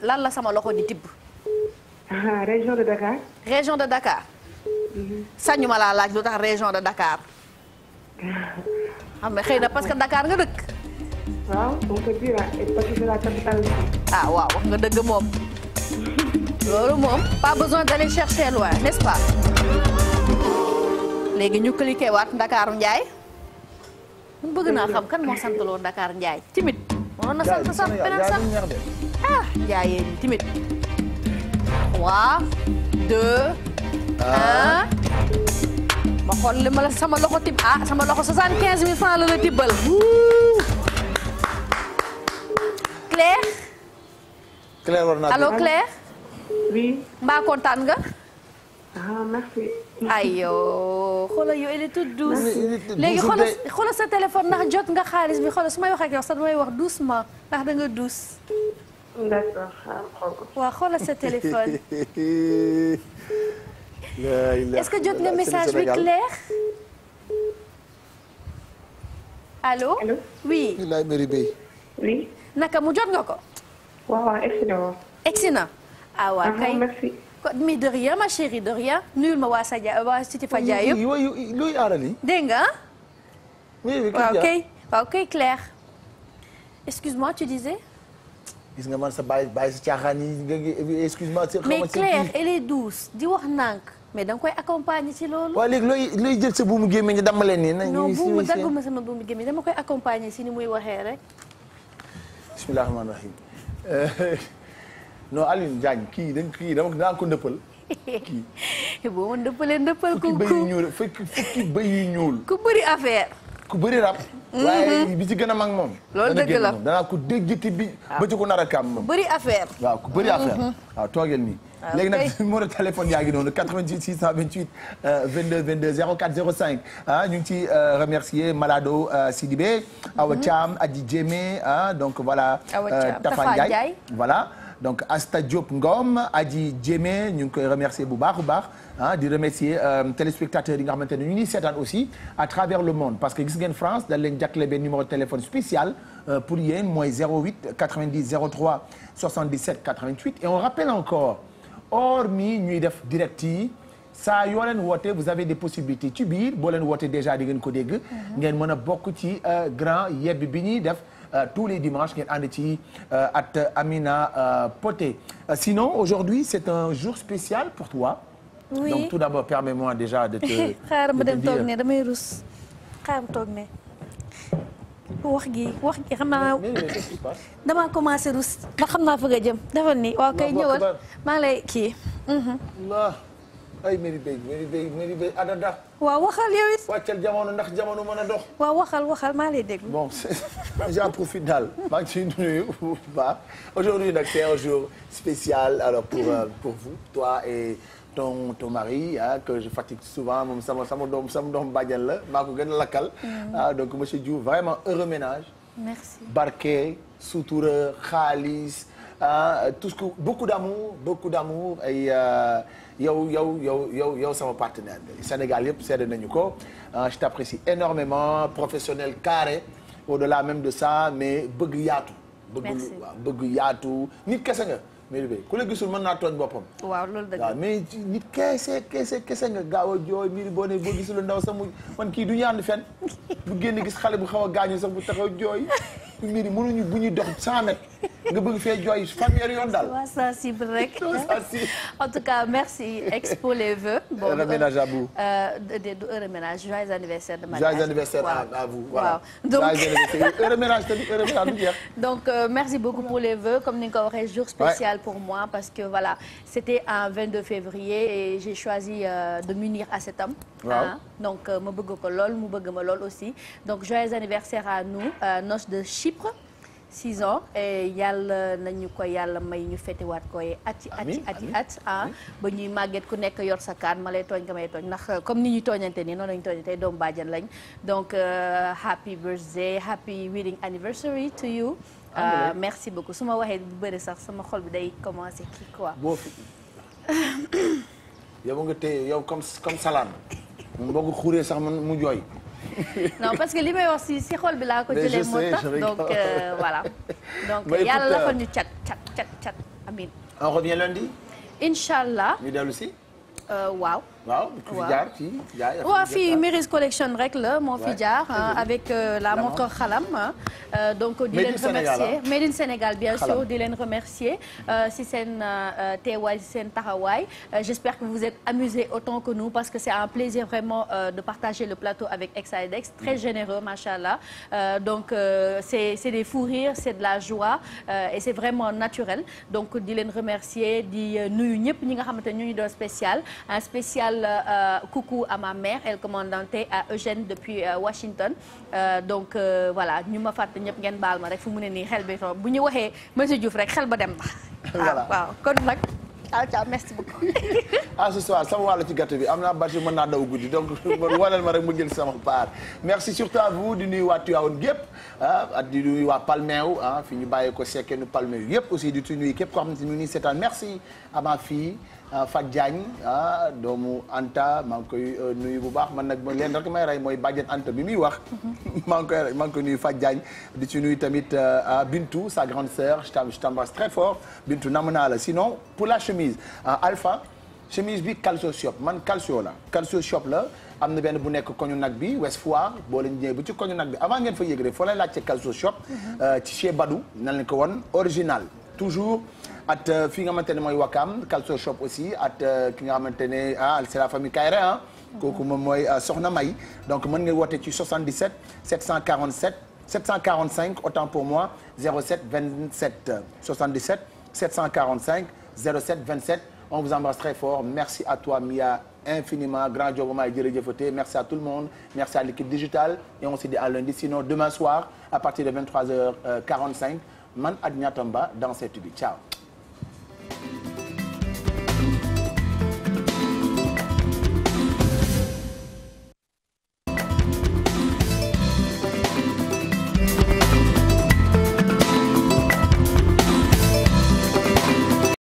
lan la sama loxo di tibb. Ah, région de Dakar. région de Dakar. Mhm. sañu ma laa laaj lu tax région de Dakar. nga xëy na parce que Dakar nga ah, waaw wax nga dëgg moom. loolu moom pas besoin d'aller chercher loin n'est-ce pas. léegi ñu cliquer waat Dakar Ndiaye. mun bëgg naa xam kan moo sant loo Dakar Ndiaye timit. war na sant sax beneen sax ah jaayee ñu timit 3 2 1 ma xool li ma sama loxo tib ah sama loxo 75 000 francs la la tibbal Claire. Claire war naa allo Claire. mbaa kontaan ah merci. ayoo xoolal yow il est tout douce. léegi xoolal xoolal sa téléphone ndax jot nga xaalis bi xoolal su may wax ak yow sax damay wax doucement ndax da nga douce. d'accord xaaral ah, xool ko. waaw xoolal sa téléphone. est-ce que jot nga message bi clair. allo allo oui. Ilaah Mary Bey. oui. naka mu jot nga ko. waaw waaw egsi na waaw. egsi na. ah waaw ah, kay merci. mais de rien ma chérie de rien nuyul ma waa Sadia waa Cité Fadia yëpp. yooyu yooyu aarali. dégg nga ah. oui oui waaw kay waaw kay Claire. excuse-moi tu disais. gis nga man sa bàyyi bàyyi si caaxaan yi excuse-moi. mais Claire elle est douce di wax nànk mais da nga koy accompagner ci loolu. waaw léegi looy looy jël sa buumu gémmiñ ñu damm leen nii. nañu non buumu dagguma sama buumu gémmiñ dama koy accompagner si ni muy waxee rek. bismillaahi rahmaani non Alioune Diagne kii dañ kii dama daan ko ndëppal kii. boo ma ndëppalee ndëppal. ku bëy yu ñuul fukki fukki bëy yu ñuul. ku bëri affaire. ku bëri rap. Mhm. waaye bi ci gën a mag moom. loolu dëgg la danaa ko déggati bi. Ah. ba ci ko a kaam moom. bëri affaire. waaw ku bëri affaire. Mhm. waaw toogeel nii. waaw ah, léegi nag numéro téléphone yaa ngi noonu 88 628 22 22 04 05 ah ñu ngi ci euh, remercier Malado euh, Sidibé. Awa mhm. Thiam Adji Djemé ah donc voilà. Awa euh, Thiam voilà. donc Asta Diop Ngom Aji Jémé ñu ngi koy remercier bu baax bu baax ah di remercier euh, téléspectateurs yi nga xamante ne ñu ngi seetaan aussi à travers le que gis ngeen France dañ leen jàkkale benn numéro de téléphone spécial euh, pour yéen mooy 08 90 03 77 88 et on rappelle encore hormis ñuy def direct saa yoo leen woote vous avez des ci biir boo leen woote déjà di ngeen ko dégg mhm. ngeen mën a bokk ci euh, grand yebbi bi ñuy def Euh, tous les dimanches ngeen ànd ci euh, at Amina euh, Poté sinon aujourd'hui c'est un jour spécial pour toi. Oui. donc tout d'abord permets-moi déjà de te. xaaral ma dem toog ne damay rus xaaral ma toog ne. wax gi wax gi xam naa damaa commencé rus ndax xam naa fa nga jëm defal nii waaw kay ñëwal maa ngi lay kii. Mhm. ay Mary Bey Mary Bey Mary Bey adada waaw waxal yow it wàccal jamono ndax jamono mën a dox waaw waxal waxal maa lay déglu bon j'en profite daal maa ngi ciy nuyu bu baax aujourd'hui nag c'est un jour spécial alors pour euh, pour vous toi et ton ton mari ah que je fatigue souvent moom sama sama doom sama doom bàjjen la maa ko gën a lakkal mm. ah donc monsieur Diouf vraiment heureux ménage merci barke sutura xaalis ah tout ce que beaucoup d'amour beaucoup d'amour ay euh, yow yow yow yow yow sama partenaire Sénégal yëpp seede nañu ko ah, je t'apprécie énormément professionnel carré au la même de ça mais bëgg yaatu. bëgg bëgg yaatu nit kese nga. mais bi ku la gisul mën naa tooñ boppam. waaw loolu dëgg mais nit keese keese keese nga gaaw a jooy mbir boo ne boo gisul ndaw sax mu man kii du ñu ànd fenn bu génn gis xale bu xaw a gaañu sax bu taxaw jooy mbir mënuñu bu ñu dox 100 mètres. nga bëgg fee jooy merci Expo les vœux. bon reménage du heureux ménage joyeux anniversaire de euh, merci beaucoup les vœux comme ni nga ko waxee jour spécial pour moi parce que voilà c'était en 22 février et j'ai choisi euh, de m'unir à cet donc euh, ma bëgg ko lool mu bëgg ma lool aussi donc joyeux anniversaire à nous six e yàlla ñu ko yàlla may ñu fetewaat koy at yi at yi at ah, ba ñuy màgget ku nekk yor sa kaan ma lay tooñ nga may tooñ ndax euh, comme ni ñuy tooñante nii noonu lañu tooñante doom baajan lañ donc euh, happy birthday happy wedding anniversary to you uh, merci beaucoup su ma waxee bu bëri sax sama xol bi day commencé kii quoi boo fi yow nga téye yow comme comme salaan boo ko xuree sax mu jooy non parce que li may wax si si xol bi laa ko jëlee moo tax donc euh, voilà donc yàlla la fa euh, ñu cat cat cat cat amin on revient lundi incha allah ñu dellu si euh, waaw waaw ku fi jaar fii jaay waaw collection rek la moo fi jaar avec euh, la montre xalam euh, donc di leen remercier Made Sénégal bien sûr di leen remercier euh, si seen teewaay si seen taxawaay j'espère que vous êtes amusés autant que nous parce que c'est un plaisir vraiment de partager le plateau avec Exidex très mm. généreux machallah donc c'est c'est des fous rires c'est de la joie et c'est vraiment naturel donc di leen remercier di nuyu ñëpp ñi nga xamante ne ñu ngi doon un spécial appelle euh, coucou à ma mère elle commandantée à Eugène depuis euh, Washington euh, donc euh, voilà ñu ma fàtte ñëpp ngeen baal ma rek fu mu ne nii xel bi to bu ñu waxee monsieur Diouf rek xel ba dem ba voilà ah, waaw kon nag ah ciao merci beaucoup. ah ce soir sama wàllu ci gâteau bi am naa bàcc mën naa daw guddi donc walal ma rek ma jël sama part merci surtout à vous di nuyu waa Tivaouane gépp ah di nuyu waa Palmew ah fi ñu bàyyi ko sekkenu Palmew yëpp aussi di nuyu képp koo xam ne mu ngi seetaan merci à ma fille. Euh, Fat Diagne ah doomu Anta maa ngi koy euh, nuyu bu baax man nag mooy leen rek may rey mooy bàjjen Anta bi muy wax mhm. maa ngi koy rey ngi koy nuyu Fat Diagne di ci nuyu tamit euh, Bintou sa grande sœur je t'embrasse très fort Bintou namm naa la sinon pour la chemise Alpha chemise bi calcio shop man calcio la calcio shop la am na benn bu nekk koñu nag bi West Foire boo leen ñëwee bu ci koñu nag bi avant ngeen fa yëg rek foo lay laajte calcio shop mhm. ci chez Badou na leen ko woon original toujours at euh, fi nga ne mooy Wakam Calcio Shop aussi at euh, ki nga xamante ne ah c'est la famille kooku moom mooy euh, Soxna May donc mën nga woote ci 77 747 745 autant pour moi 07 27 77 745 07 27 on vous embrasse très fort merci à toi Mia infiniment grand job maay jërëjëfate merci à tout le monde merci à l'équipe digitale et on se dit à lundi sinon demain à partir de 23 h man ak Ndiathamba dans cette bi ciao.